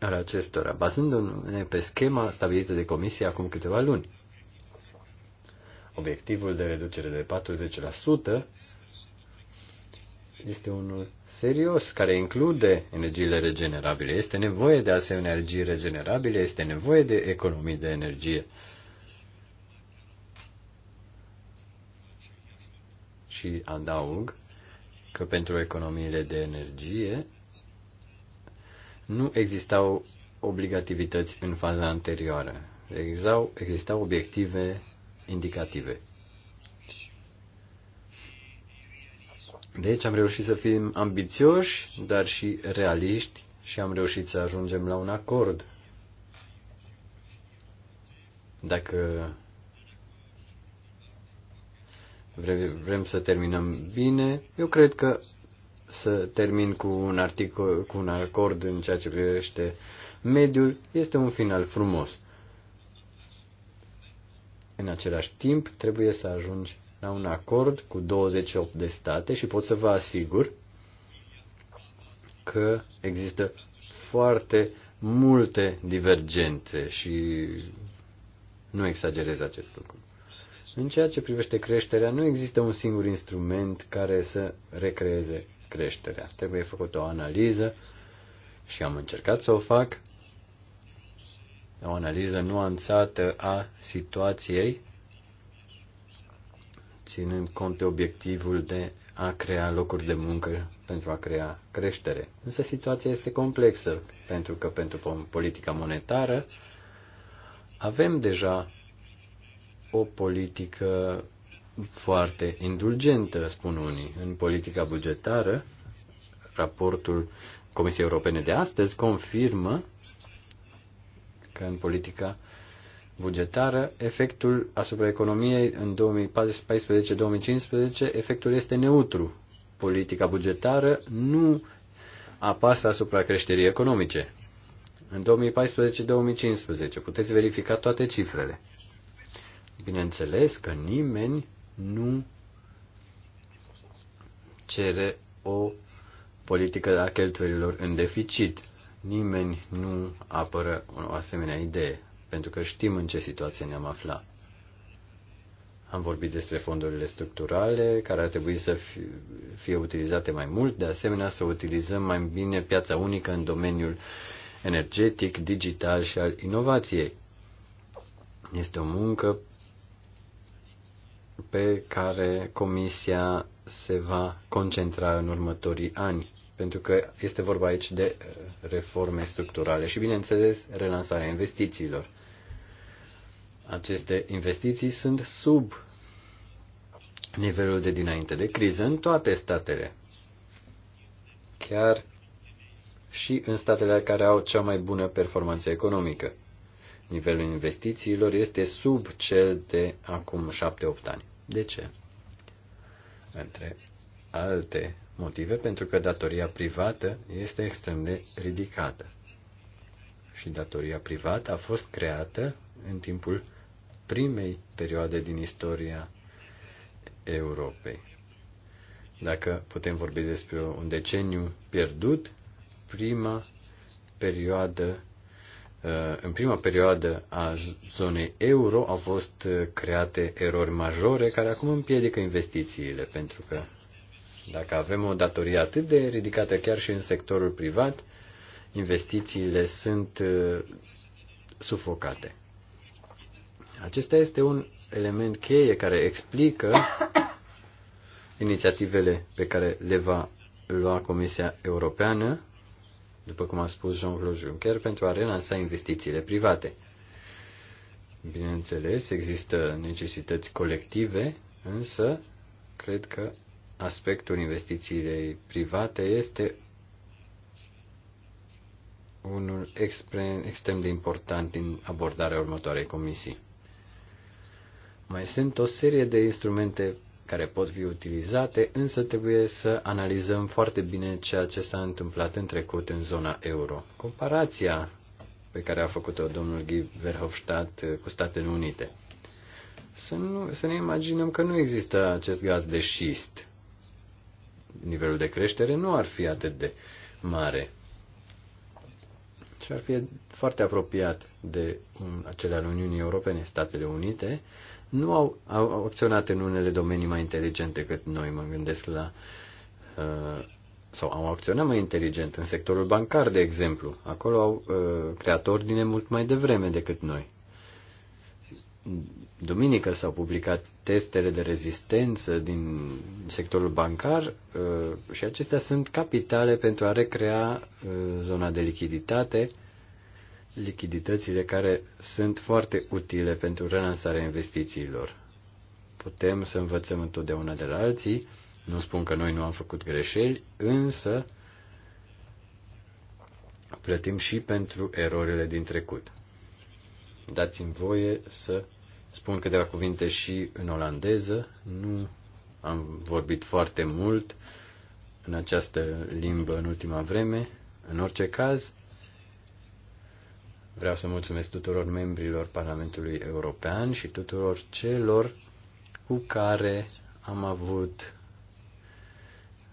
al acestora, bazându-ne pe schema stabilită de comisie acum câteva luni. Obiectivul de reducere de 40% este unul serios, care include energiile regenerabile. Este nevoie de asemenea energii regenerabile, este nevoie de economii de energie. Și adaug că pentru economiile de energie nu existau obligativități în faza anterioară. Existau, existau obiective indicative. Deci am reușit să fim ambițioși, dar și realiști și am reușit să ajungem la un acord. Dacă vrem, vrem să terminăm bine, eu cred că să termin cu un, articol, cu un acord în ceea ce privește mediul, este un final frumos. În același timp, trebuie să ajungi la un acord cu 28 de state și pot să vă asigur că există foarte multe divergențe și nu exagerez acest lucru. În ceea ce privește creșterea, nu există un singur instrument care să recreeze creșterea. Trebuie făcut o analiză și am încercat să o fac, o analiză nuanțată a situației, ținând cont de obiectivul de a crea locuri de muncă pentru a crea creștere. Însă situația este complexă, pentru că pentru politica monetară avem deja o politică foarte indulgentă, spun unii. În politica bugetară, raportul Comisiei Europene de astăzi confirmă că în politica bugetară efectul asupra economiei în 2014-2015 efectul este neutru. Politica bugetară nu apasă asupra creșterii economice. În 2014-2015 puteți verifica toate cifrele. Bineînțeles că nimeni nu cere o politică a cheltuielilor în deficit. Nimeni nu apără o asemenea idee, pentru că știm în ce situație ne-am aflat. Am vorbit despre fondurile structurale, care ar trebui să fie, fie utilizate mai mult, de asemenea să utilizăm mai bine piața unică în domeniul energetic, digital și al inovației. Este o muncă pe care Comisia se va concentra în următorii ani, pentru că este vorba aici de uh, reforme structurale și, bineînțeles, relansarea investițiilor. Aceste investiții sunt sub nivelul de dinainte de criză în toate statele, chiar și în statele care au cea mai bună performanță economică nivelul investițiilor este sub cel de acum 7-8 ani. De ce? Între alte motive, pentru că datoria privată este extrem de ridicată. Și datoria privată a fost creată în timpul primei perioade din istoria Europei. Dacă putem vorbi despre un deceniu pierdut, prima perioadă Eh, în prima perioadă a zonei euro au fost eh, create erori majore care acum împiedică investițiile, pentru că dacă avem o datorie atât de ridicată chiar și în sectorul privat, investițiile sunt eh, sufocate. Acesta este un element cheie care explică inițiativele pe care le va lua Comisia Europeană după cum a spus Jean-Claude Juncker, pentru a relansa investițiile private. Bineînțeles, există necesități colective, însă cred că aspectul investițiilor private este unul extrem, de important din abordarea următoarei comisii. Mai sunt o serie de instrumente care pot fi utilizate, însă trebuie să analizăm foarte bine ceea ce s-a întâmplat în trecut în zona euro. Comparația pe care a făcut-o domnul Guy Verhofstadt eh, cu Statele Unite. Să, nu, să ne imaginăm că nu există acest gaz de șist. Nivelul de creștere nu ar fi atât de mare și ar fi foarte apropiat de acele al Uniunii Europene, Statele Unite, nu au, au, acționat în unele domenii mai inteligente decât noi, mă gândesc la. Uh, sau au acționat mai inteligent în sectorul bancar, de exemplu. Acolo au uh, creat ordine mult mai devreme decât noi. Duminică s-au publicat testele de rezistență din sectorul bancar uh, și acestea sunt capitale pentru a recrea uh, zona de lichiditate uh, lichiditățile care sunt foarte utile pentru relansarea investițiilor. Putem să învățăm întotdeauna de la alții, nu spun că noi nu am făcut greșeli, însă plătim și pentru erorile din trecut. Dați-mi voie să spun câteva cuvinte și în olandeză. Nu am vorbit foarte mult în această limbă în ultima vreme. În orice caz, Vreau să mulțumesc tuturor membrilor Parlamentului European și tuturor celor cu care am avut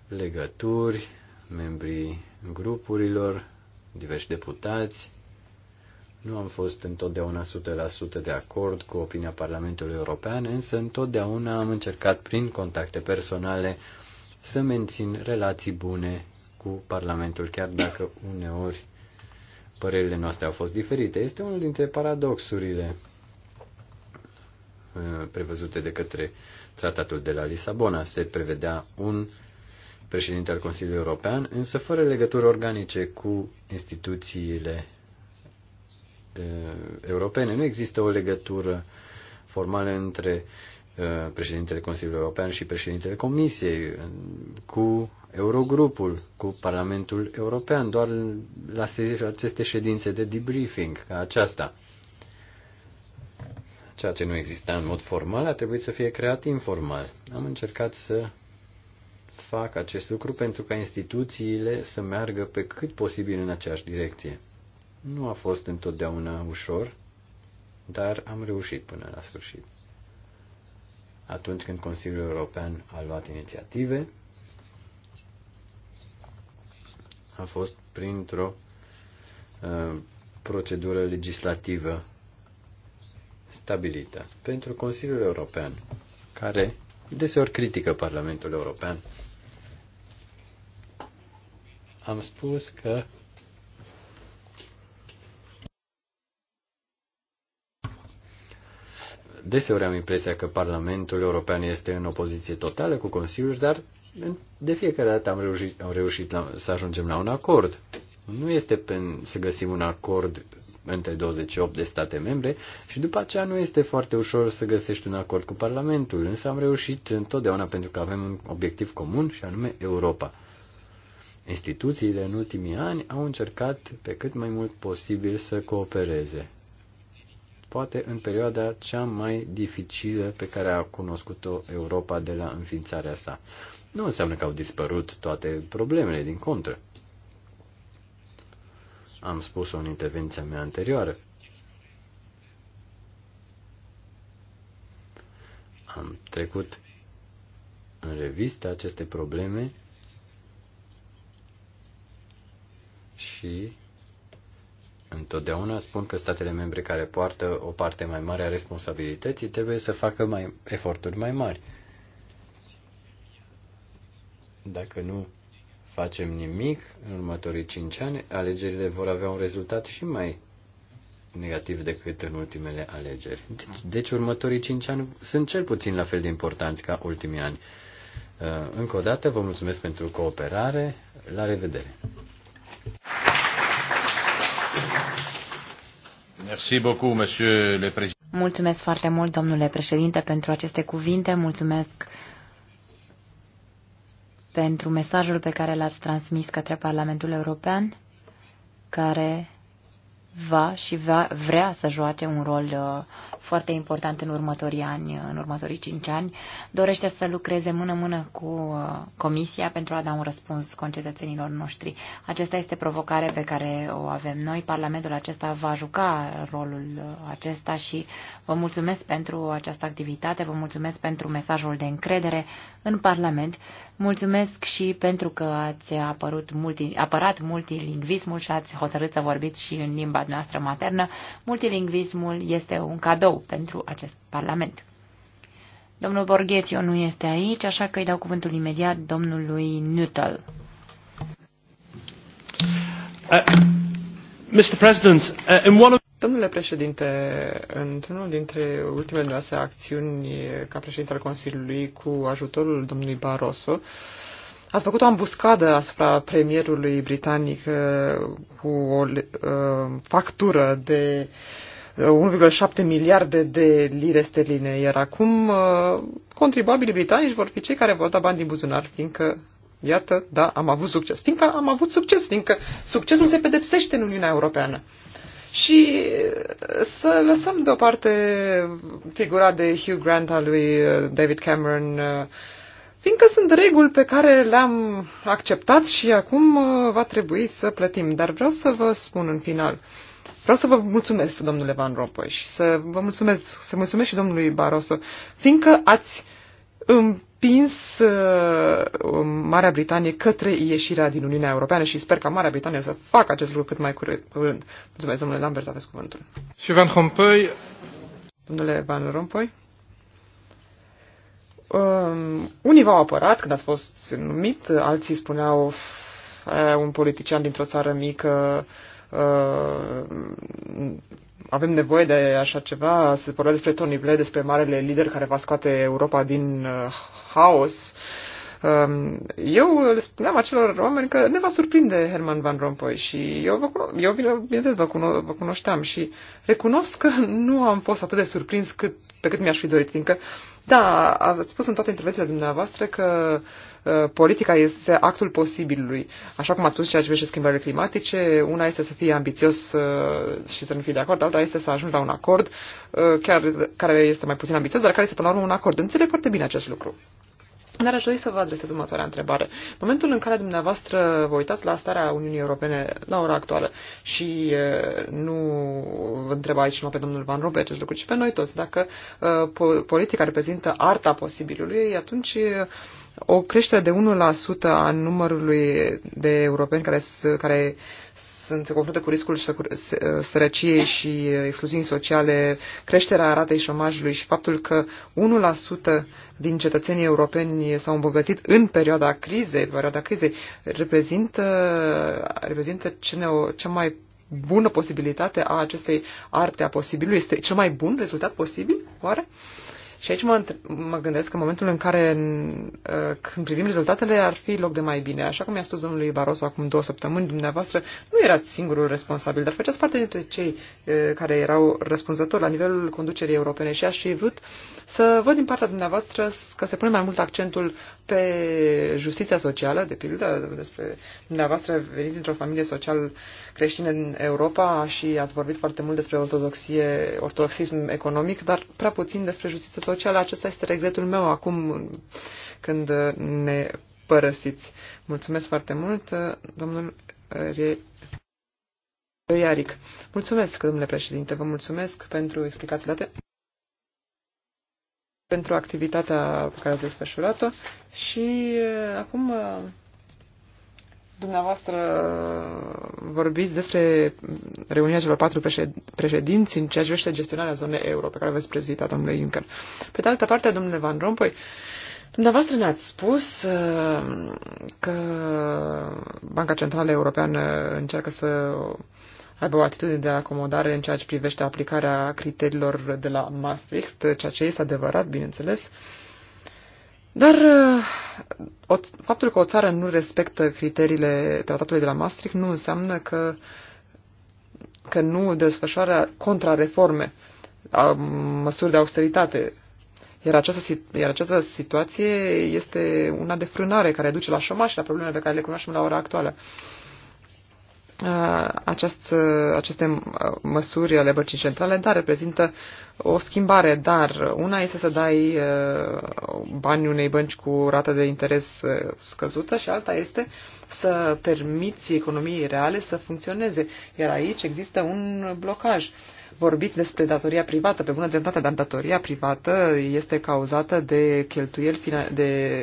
legături, membrii grupurilor, diversi deputați. Nu am fost întotdeauna 100% de acord cu opinia Parlamentului European, însă întotdeauna am încercat prin contacte personale să mențin relații bune cu Parlamentul, chiar dacă uneori părerile noastre au fost diferite. Este unul dintre paradoxurile uh, prevăzute de către tratatul de la Lisabona. Se prevedea un președinte al Consiliului European, însă fără legături organice cu instituțiile uh, europene. Nu există o legătură formală între Uh, președintele Consiliului European și președintele Comisiei, cu Eurogrupul, cu Parlamentul European, doar la aceste ședințe de debriefing ca aceasta. Ceea ce nu exista în mod formal a trebuit să fie creat informal. Am încercat să fac acest lucru pentru ca instituțiile să meargă pe cât posibil în aceeași direcție. Nu a fost întotdeauna ușor, dar am reușit până la sfârșit atunci când Consiliul European a luat inițiative, a fost printr-o uh, procedură legislativă stabilită pentru Consiliul European, care deseori critică Parlamentul European. Am spus că deseori am impresia că Parlamentul European este în opoziție totală cu Consiliul, dar de fiecare dată am reușit, am reușit la, să ajungem la un acord. Nu este pen, să găsim un acord între 28 de state membre și după aceea nu este foarte ușor să găsești un acord cu Parlamentul, însă am reușit întotdeauna pentru că avem un obiectiv comun și anume Europa. Instituțiile în ultimii ani au încercat pe cât mai mult posibil să coopereze poate în perioada cea mai dificilă pe care a cunoscut-o Europa de la înființarea sa. Nu înseamnă că au dispărut toate problemele, din contră. Am spus-o în intervenția mea anterioară. Am trecut în revistă aceste probleme și Întotdeauna spun că statele membre care poartă o parte mai mare a responsabilității trebuie să facă mai, eforturi mai mari. Dacă nu facem nimic în următorii cinci ani, alegerile vor avea un rezultat și mai negativ decât în ultimele alegeri. Deci, deci următorii cinci ani sunt cel puțin la fel de importanți ca ultimii ani. Uh, încă o dată vă mulțumesc pentru cooperare. La revedere! Merci beaucoup, monsieur le président. Mulțumesc foarte mult, domnule președinte, pentru aceste cuvinte. Mulțumesc pentru mesajul pe care l-ați transmis către Parlamentul European, care va și va, vrea să joace un rol uh, foarte important în următorii ani, în următorii cinci ani. Dorește să lucreze mână-mână cu uh, Comisia pentru a da un răspuns concetățenilor noștri. Acesta este provocare pe care o avem noi. Parlamentul acesta va juca rolul uh, acesta și vă mulțumesc pentru această activitate, vă mulțumesc pentru mesajul de încredere în Parlament, mulțumesc și pentru că ați apărut multi, apărat multilingvismul și ați hotărât să vorbiți și în limba limba noastră maternă, multilingvismul este un cadou pentru acest Parlament. Domnul Borghețiu nu este aici, așa că îi dau cuvântul imediat domnului Nuttall. Uh, Mr. President, uh, in one of Domnule președinte, într-unul dintre ultimele noastre acțiuni ca președinte al Consiliului cu ajutorul domnului Barroso, uh, Ați făcut o ambuscadă asupra premierului britanic uh, cu o uh, factură de 1,7 uh, miliarde de lire sterline, iar acum contribuabilii britanici vor fi cei care vor da bani din buzunar, fiindcă, iată, da, am avut succes. Fiindcă am avut succes, fiindcă succesul se pedepsește în Uniunea Europeană. Și să lăsăm deoparte figura de Hugh Grant al lui David Cameron, Fiindcă sunt reguli pe care le-am acceptat și acum uh, va trebui să plătim. Dar vreau să vă spun în final, vreau să vă mulțumesc, domnule Van Rompuy, și să vă mulțumesc, să mulțumesc și domnului Barroso, fiindcă ați împins uh, um, Marea Britanie către ieșirea din Uniunea Europeană și sper ca Marea Britanie să facă acest lucru cât mai curând. Mulțumesc, domnule Lambert, aveți cuvântul. Și Van Rompuy. Domnule Van Rompuy. Um, unii v-au apărat când ați fost numit, alții spuneau un politician dintr-o țară mică, uh, avem nevoie de așa ceva, se vorbea despre Tony Blair, despre marele lider care va scoate Europa din uh, haos. Um, eu le spuneam acelor oameni că ne va surprinde Herman Van Rompuy și eu, vă cuno- eu bineînțeles, vă, cuno- vă cunoșteam și recunosc că nu am fost atât de surprins cât, pe cât mi-aș fi dorit, fiindcă uh, da, ați spus în toate intervențiile dumneavoastră că uh, politica este actul posibilului. Așa cum ați spus ceea ce privește schimbările climatice, una este să fie ambițios uh, și să nu fii de acord, alta este să ajungi la un acord uh, chiar care este mai puțin ambițios, dar care este până la urmă un acord. Înțeleg foarte bine acest lucru. Dar aș dori să vă adresez următoarea întrebare. Momentul în care dumneavoastră vă uitați la starea Uniunii Europene la ora actuală și nu vă întreb aici numai pe domnul Van Rompuy acest lucru, ci pe noi toți, dacă politica reprezintă arta posibilului, atunci o creștere de 1% a numărului de europeni care, care sunt, se confruntă cu riscul sărăciei și excluziunii sociale, creșterea ratei șomajului și faptul că 1% din cetățenii europeni s-au îmbogățit în perioada crizei, perioada crizei reprezintă, reprezintă cea mai bună posibilitate a acestei arte a posibilului. Este cel mai bun rezultat posibil, oare? Uh, și aici mă, mă gândesc că în momentul în care, uh, când privim rezultatele, ar fi loc de mai bine. Așa cum i-a spus domnului Barroso acum două săptămâni, dumneavoastră nu erați singurul responsabil, dar faceați parte dintre cei uh, care erau răspunzători la nivelul conducerii europene și aș fi vrut să văd din partea dumneavoastră că se pune mai mult accentul pe justiția socială, de pildă, despre dumneavoastră veniți dintr-o familie social creștină în Europa și ați vorbit foarte mult despre ortodoxie, ortodoxism economic, dar prea puțin despre justiția social. Acesta este regretul meu acum când ne părăsiți. Mulțumesc foarte mult, domnul Iaric. Mulțumesc, domnule președinte, vă mulțumesc pentru explicațiile date pentru activitatea pe care ați desfășurat-o și acum Dumneavoastră vorbiți despre reuniunea celor patru președinți în ceea ce privește gestionarea zonei euro pe care veți prezita, domnule Juncker. Pe de altă parte, domnule Van Rompuy, Dumneavoastră ne-ați spus uh, că Banca Centrală Europeană încearcă să aibă o atitudine de acomodare în ceea ce privește aplicarea criteriilor de la Maastricht, ceea ce este adevărat, bineînțeles. Uh, dar uh, o, faptul că o țară nu respectă criteriile tratatului de la Maastricht nu înseamnă că, că nu desfășoară contrareforme, a, um, măsuri de austeritate. Iar această, iar această situație este una de frânare care duce la șomaș și la problemele pe care le cunoaștem la ora actuală. Uh, Aceast, uh, aceste uh, măsuri ale băncii centrale, dar reprezintă o schimbare, dar una este să dai banii unei bănci cu rată de interes scăzută și alta este să permiți economiei reale să funcționeze. Iar aici există un blocaj. Vorbiți despre datoria privată, pe bună dreptate, dar datoria privată este cauzată de cheltuieli de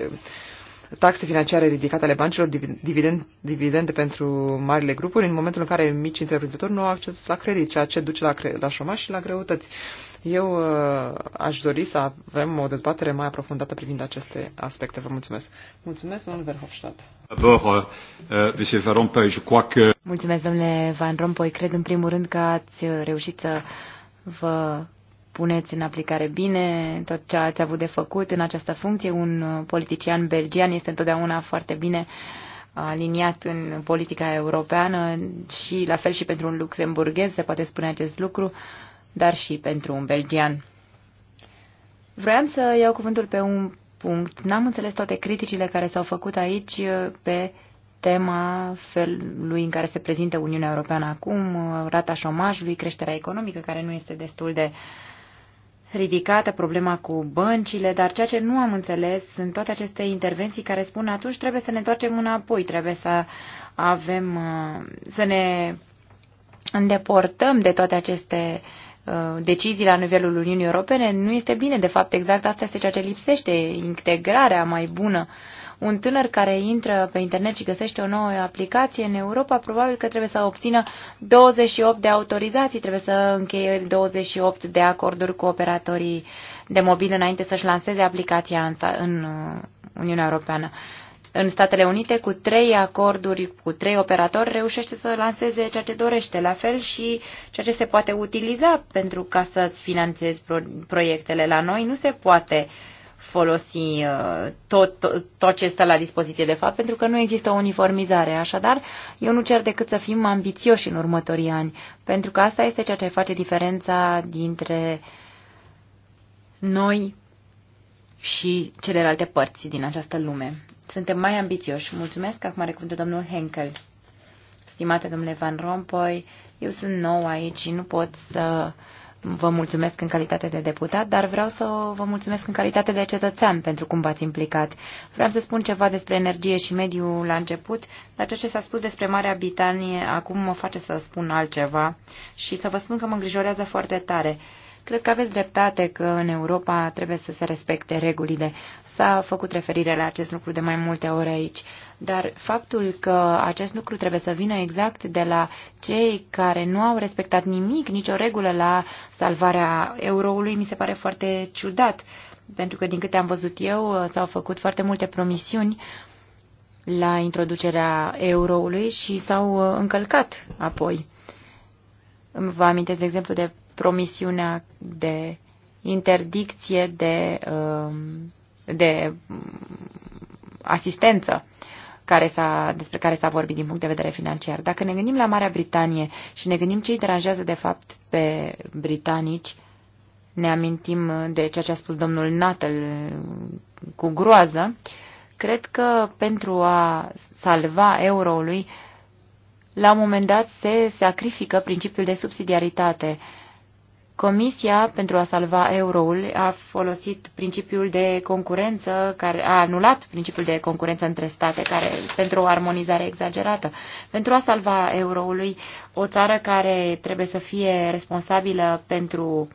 taxe financiare ridicate ale băncilor, dividend, dividende pentru marile grupuri, în momentul în care mici întreprinzători nu au acces la credit, ceea ce duce la, la șomaș și la greutăți. Eu uh, aș dori să avem o dezbatere mai aprofundată privind aceste aspecte. Vă mulțumesc. Mulțumesc, domnul Verhofstadt. Euh, euh, mulțumesc, domnule Van Rompuy. Cred în primul rând că ați reușit să vă puneți în aplicare bine tot ce ați avut de făcut în această funcție. Un uh, politician belgian este întotdeauna foarte bine uh, aliniat în politica europeană și la fel și pentru un luxemburghez se poate spune acest lucru, dar și pentru un belgian. Vreau să iau cuvântul pe un punct. N-am înțeles toate criticile care s-au făcut aici uh, pe tema felului în care se prezintă Uniunea Europeană acum, rata șomajului, creșterea economică, care nu este destul de uh, ridicată, problema cu băncile, dar ceea ce nu am înțeles sunt toate aceste intervenții care spun atunci trebuie să ne întoarcem înapoi, trebuie să avem, uh, să ne îndeportăm de toate aceste uh, decizii la nivelul Uniunii Europene. Nu este bine, de fapt, exact asta este ceea ce lipsește, integrarea mai bună un tânăr care intră pe internet și găsește o nouă aplicație în Europa, probabil că trebuie să obțină 28 de autorizații, trebuie să încheie 28 de acorduri cu operatorii de mobil înainte să-și lanseze aplicația în, în uh, Uniunea Europeană. În Statele Unite, cu trei acorduri, cu trei operatori, reușește să lanseze ceea ce dorește, la fel și ceea ce se poate utiliza pentru ca să-ți finanțezi proiectele. La noi nu se poate uh, folosi uh, tot, tot, tot ce stă la dispoziție de fapt, pentru că nu există o uniformizare. Așadar, eu nu cer decât să fim ambițioși în următorii ani, pentru că asta este ceea ce face diferența dintre noi și celelalte părți din această lume. Suntem mai ambițioși. Mulțumesc. Acum are cuvântul domnul Henkel. Stimate domnule Van Rompuy, eu sunt nou aici și nu pot să uh, vă mulțumesc în calitate de deputat, dar vreau să vă mulțumesc în calitate de cetățean pentru cum v-ați implicat. Vreau să spun ceva despre energie și mediu la început, dar ceea ce s-a spus despre Marea Britanie acum mă face să spun altceva și să vă spun că mă îngrijorează foarte tare. Uh, Cred că aveți dreptate că în Europa trebuie să se respecte regulile. S-a făcut referire la acest lucru de mai multe ori aici, dar faptul că acest lucru trebuie să vină exact de la cei care nu au respectat nimic, nicio regulă la salvarea euroului, mi se pare foarte ciudat, pentru că din câte am văzut eu s-au făcut foarte multe promisiuni la introducerea euroului și s-au uh, încălcat apoi. Vă amintesc, de exemplu, de promisiunea de interdicție de, um, de um, asistență care s-a, despre care s-a vorbit din punct de vedere financiar. Dacă ne gândim la Marea Britanie și ne gândim ce îi deranjează de fapt pe britanici, ne amintim de ceea ce a spus domnul Natel cu groază, cred că pentru a salva euroului, la un moment dat se sacrifică principiul de subsidiaritate Comisia, pentru a salva euroul, a folosit principiul de concurență, care a anulat principiul de concurență între state care, pentru o armonizare exagerată. Pentru a salva euroului, o țară care trebuie să fie responsabilă pentru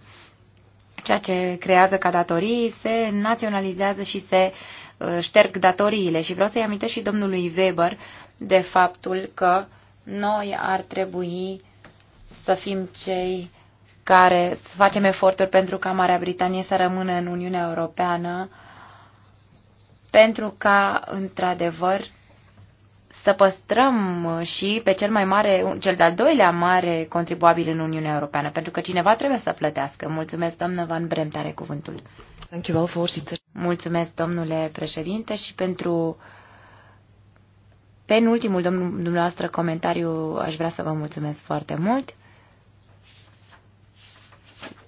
ceea ce creează ca datorii, se naționalizează și se uh, șterg datoriile. Și vreau să-i amintesc și domnului Weber de faptul că noi ar trebui să fim cei care să facem eforturi pentru ca Marea Britanie să rămână în Uniunea Europeană, pentru ca, într-adevăr, să păstrăm și pe cel mai mare, cel de-al doilea mare contribuabil în Uniunea Europeană, pentru că cineva trebuie să plătească. Mulțumesc, doamnă Van Bremt, are cuvântul. Mulțumesc, domnule președinte, și pentru penultimul domnul dumneavoastră comentariu aș vrea să vă mulțumesc foarte mult.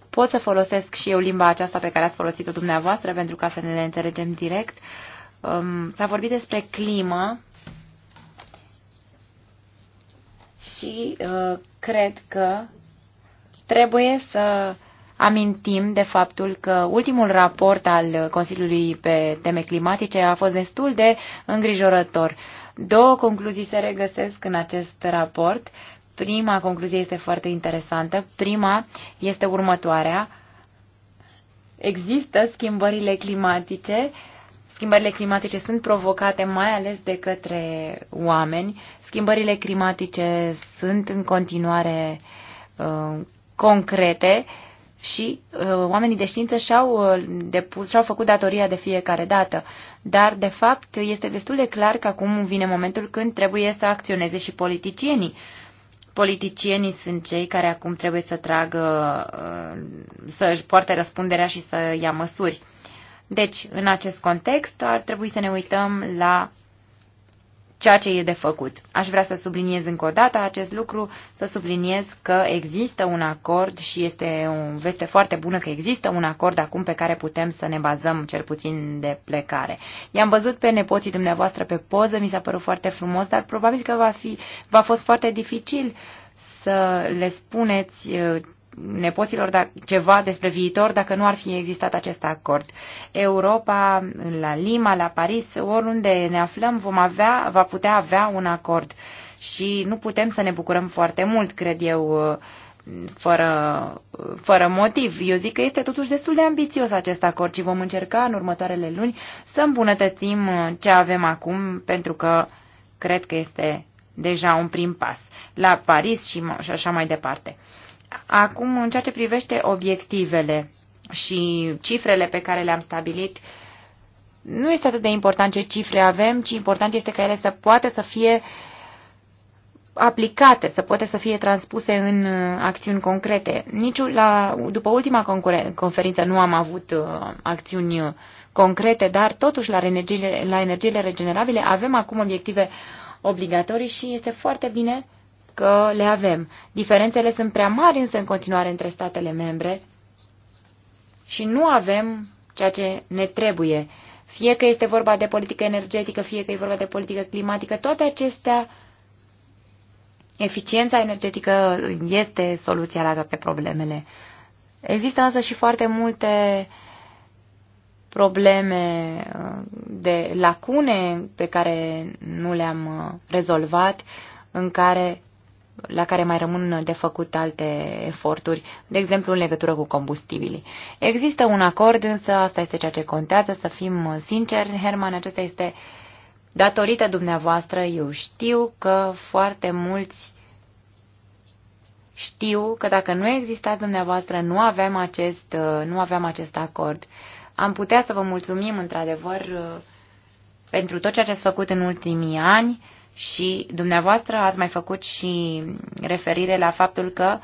Pot să folosesc și eu limba aceasta pe care ați folosit-o dumneavoastră pentru ca să ne înțelegem direct. Um, s-a vorbit despre climă și uh, cred că trebuie să amintim de faptul că ultimul raport al Consiliului pe teme climatice a fost destul de îngrijorător. Două concluzii se regăsesc în acest raport Prima concluzie este foarte interesantă. Prima este următoarea. Există schimbările climatice. Schimbările climatice sunt provocate mai ales de către oameni. Schimbările climatice sunt în continuare uh, concrete și uh, oamenii de știință și-au, uh, depus, și-au făcut datoria de fiecare dată. Dar, de fapt, este destul de clar că acum vine momentul când trebuie să acționeze și politicienii politicienii sunt cei care acum trebuie să tragă, uh, să-și poarte răspunderea și să ia măsuri. Deci, în acest context, ar trebui să ne uităm la ceea ce e de făcut. Aș vrea să subliniez încă o dată acest lucru, să subliniez că există un acord și este o veste foarte bună că există un acord acum pe care putem să ne bazăm cel puțin de plecare. I-am văzut pe nepoții dumneavoastră pe poză, mi s-a părut foarte frumos, dar probabil că va fi, va fost foarte dificil să le spuneți nepoților ceva despre viitor dacă nu ar fi existat acest acord. Europa, la Lima, la Paris, oriunde ne aflăm, vom avea, va putea avea un acord. Și nu putem să ne bucurăm foarte mult, cred eu, fără, fără motiv. Eu zic că este totuși destul de ambițios acest acord și vom încerca în următoarele luni să îmbunătățim ce avem acum, pentru că cred că este deja un prim pas la Paris și, și așa mai departe. Acum, în ceea ce privește obiectivele și cifrele pe care le-am stabilit, nu este atât de important ce cifre avem, ci important este ca ele să poată să fie aplicate, să poată să fie transpuse în uh, acțiuni concrete. Nici la, după ultima conferință nu am avut uh, acțiuni uh, concrete, dar totuși la energiile, la energiile regenerabile avem acum obiective obligatorii și este foarte bine că le avem. Diferențele sunt prea mari însă în continuare între statele membre și nu avem ceea ce ne trebuie. Fie că este vorba de politică energetică, fie că e vorba de politică climatică, toate acestea, eficiența energetică este soluția la toate problemele. Există însă și foarte multe probleme uh, de lacune pe care nu le-am uh, rezolvat, în care la care mai rămân de făcut alte eforturi, de exemplu în legătură cu combustibilii. Există un acord, însă asta este ceea ce contează, să fim sinceri, Herman, acesta este datorită dumneavoastră. Eu știu că foarte mulți știu că dacă nu existați dumneavoastră, nu aveam acest, nu aveam acest acord. Am putea să vă mulțumim, într-adevăr, pentru tot ceea ce ați făcut în ultimii ani, și dumneavoastră ați mai făcut și referire la faptul că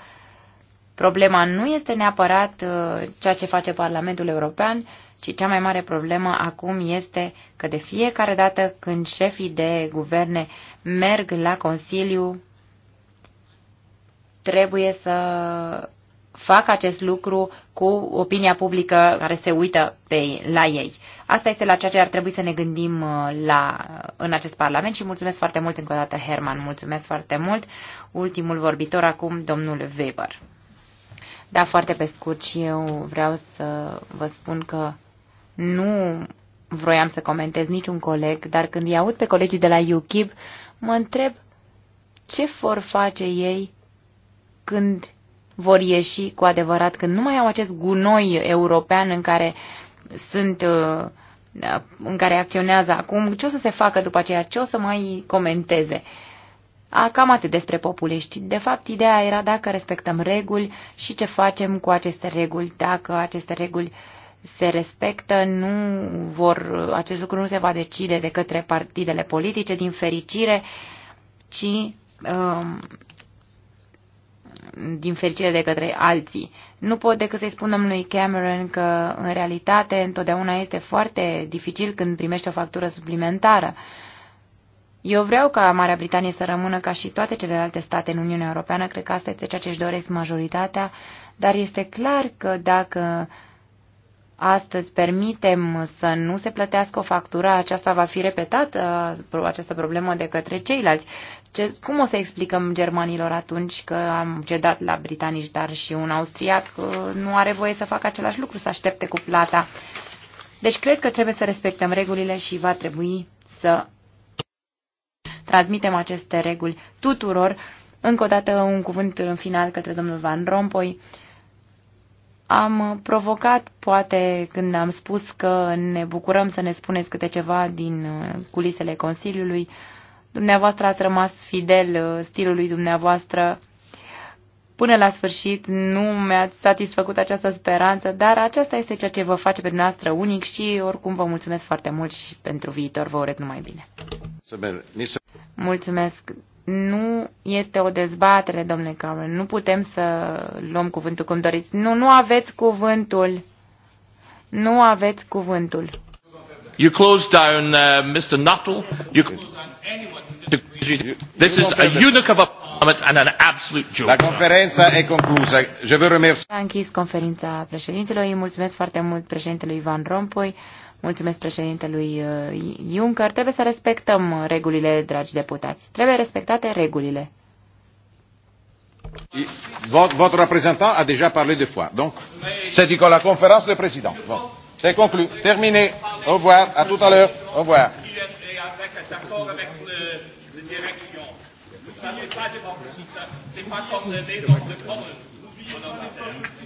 problema nu este neapărat uh, ceea ce face Parlamentul European, ci cea mai mare problemă acum este că de fiecare dată când șefii de guverne merg la Consiliu, trebuie să fac acest lucru cu opinia publică care se uită pe, la ei. Asta este la ceea ce ar trebui să ne gândim uh, la, uh, în acest Parlament și mulțumesc foarte mult încă o dată, Herman. Mulțumesc foarte mult. Ultimul vorbitor acum, domnul Weber. Da, foarte pe scurt și eu vreau să vă spun că nu vroiam să comentez niciun coleg, dar când îi aud pe colegii de la UKIP, mă întreb ce vor face ei când vor ieși cu adevărat când nu mai au acest gunoi european în care sunt uh, în care acționează acum, ce o să se facă după aceea, ce o să mai comenteze. A, cam atât despre populiști. De fapt, ideea era dacă respectăm reguli și ce facem cu aceste reguli, dacă aceste reguli se respectă, nu vor, acest lucru nu se va decide de către partidele politice, din fericire, ci um, din fericire de către alții. Nu pot decât să-i spun lui Cameron că, în realitate, întotdeauna este foarte dificil când primește o factură suplimentară. Eu vreau ca Marea Britanie să rămână ca și toate celelalte state în Uniunea Europeană, cred că asta este ceea ce își doresc majoritatea, dar este clar că dacă astăzi permitem să nu se plătească o factură, aceasta va fi repetată, uh, această problemă de către ceilalți. Ce, cum o să explicăm germanilor atunci că am cedat la britanici, dar și un austriac nu are voie să facă același lucru, să aștepte cu plata? Deci cred că trebuie să respectăm regulile și va trebui să transmitem aceste reguli tuturor. Încă o dată un cuvânt în final către domnul Van Rompuy. Am provocat, poate, când am spus că ne bucurăm să ne spuneți câte ceva din uh, culisele Consiliului, uh, Dumneavoastră ați rămas fidel uh, stilului dumneavoastră până la sfârșit nu mi-ați satisfăcut această speranță, dar aceasta este ceea ce vă face pe dumneavoastră unic și oricum vă mulțumesc foarte mult și pentru viitor vă urez numai bine. Mulțumesc. Nu este o dezbatere, domnule Cameron. Nu putem să luăm cuvântul cum doriți. Nu, nu aveți cuvântul. Nu aveți cuvântul. You close down uh, Mr. Nuttall. You close down anyone. This is a eunuch of a parliament and an absolute joke. La conferința e conclusă. Je veux remercier. A închis conferința președintelor. Îi mulțumesc foarte mult președintelui Ivan Rompuy. Mulțumesc președintelui uh, Juncker. Trebuie să respectăm regulile, dragi deputați. Trebuie respectate regulile. Votre, reprezentant a deja parlé de fois. Donc, c'est dit la conférence de président. Bon. C'est conclu. Terminé. Au revoir. À tout à l'heure. Au revoir. la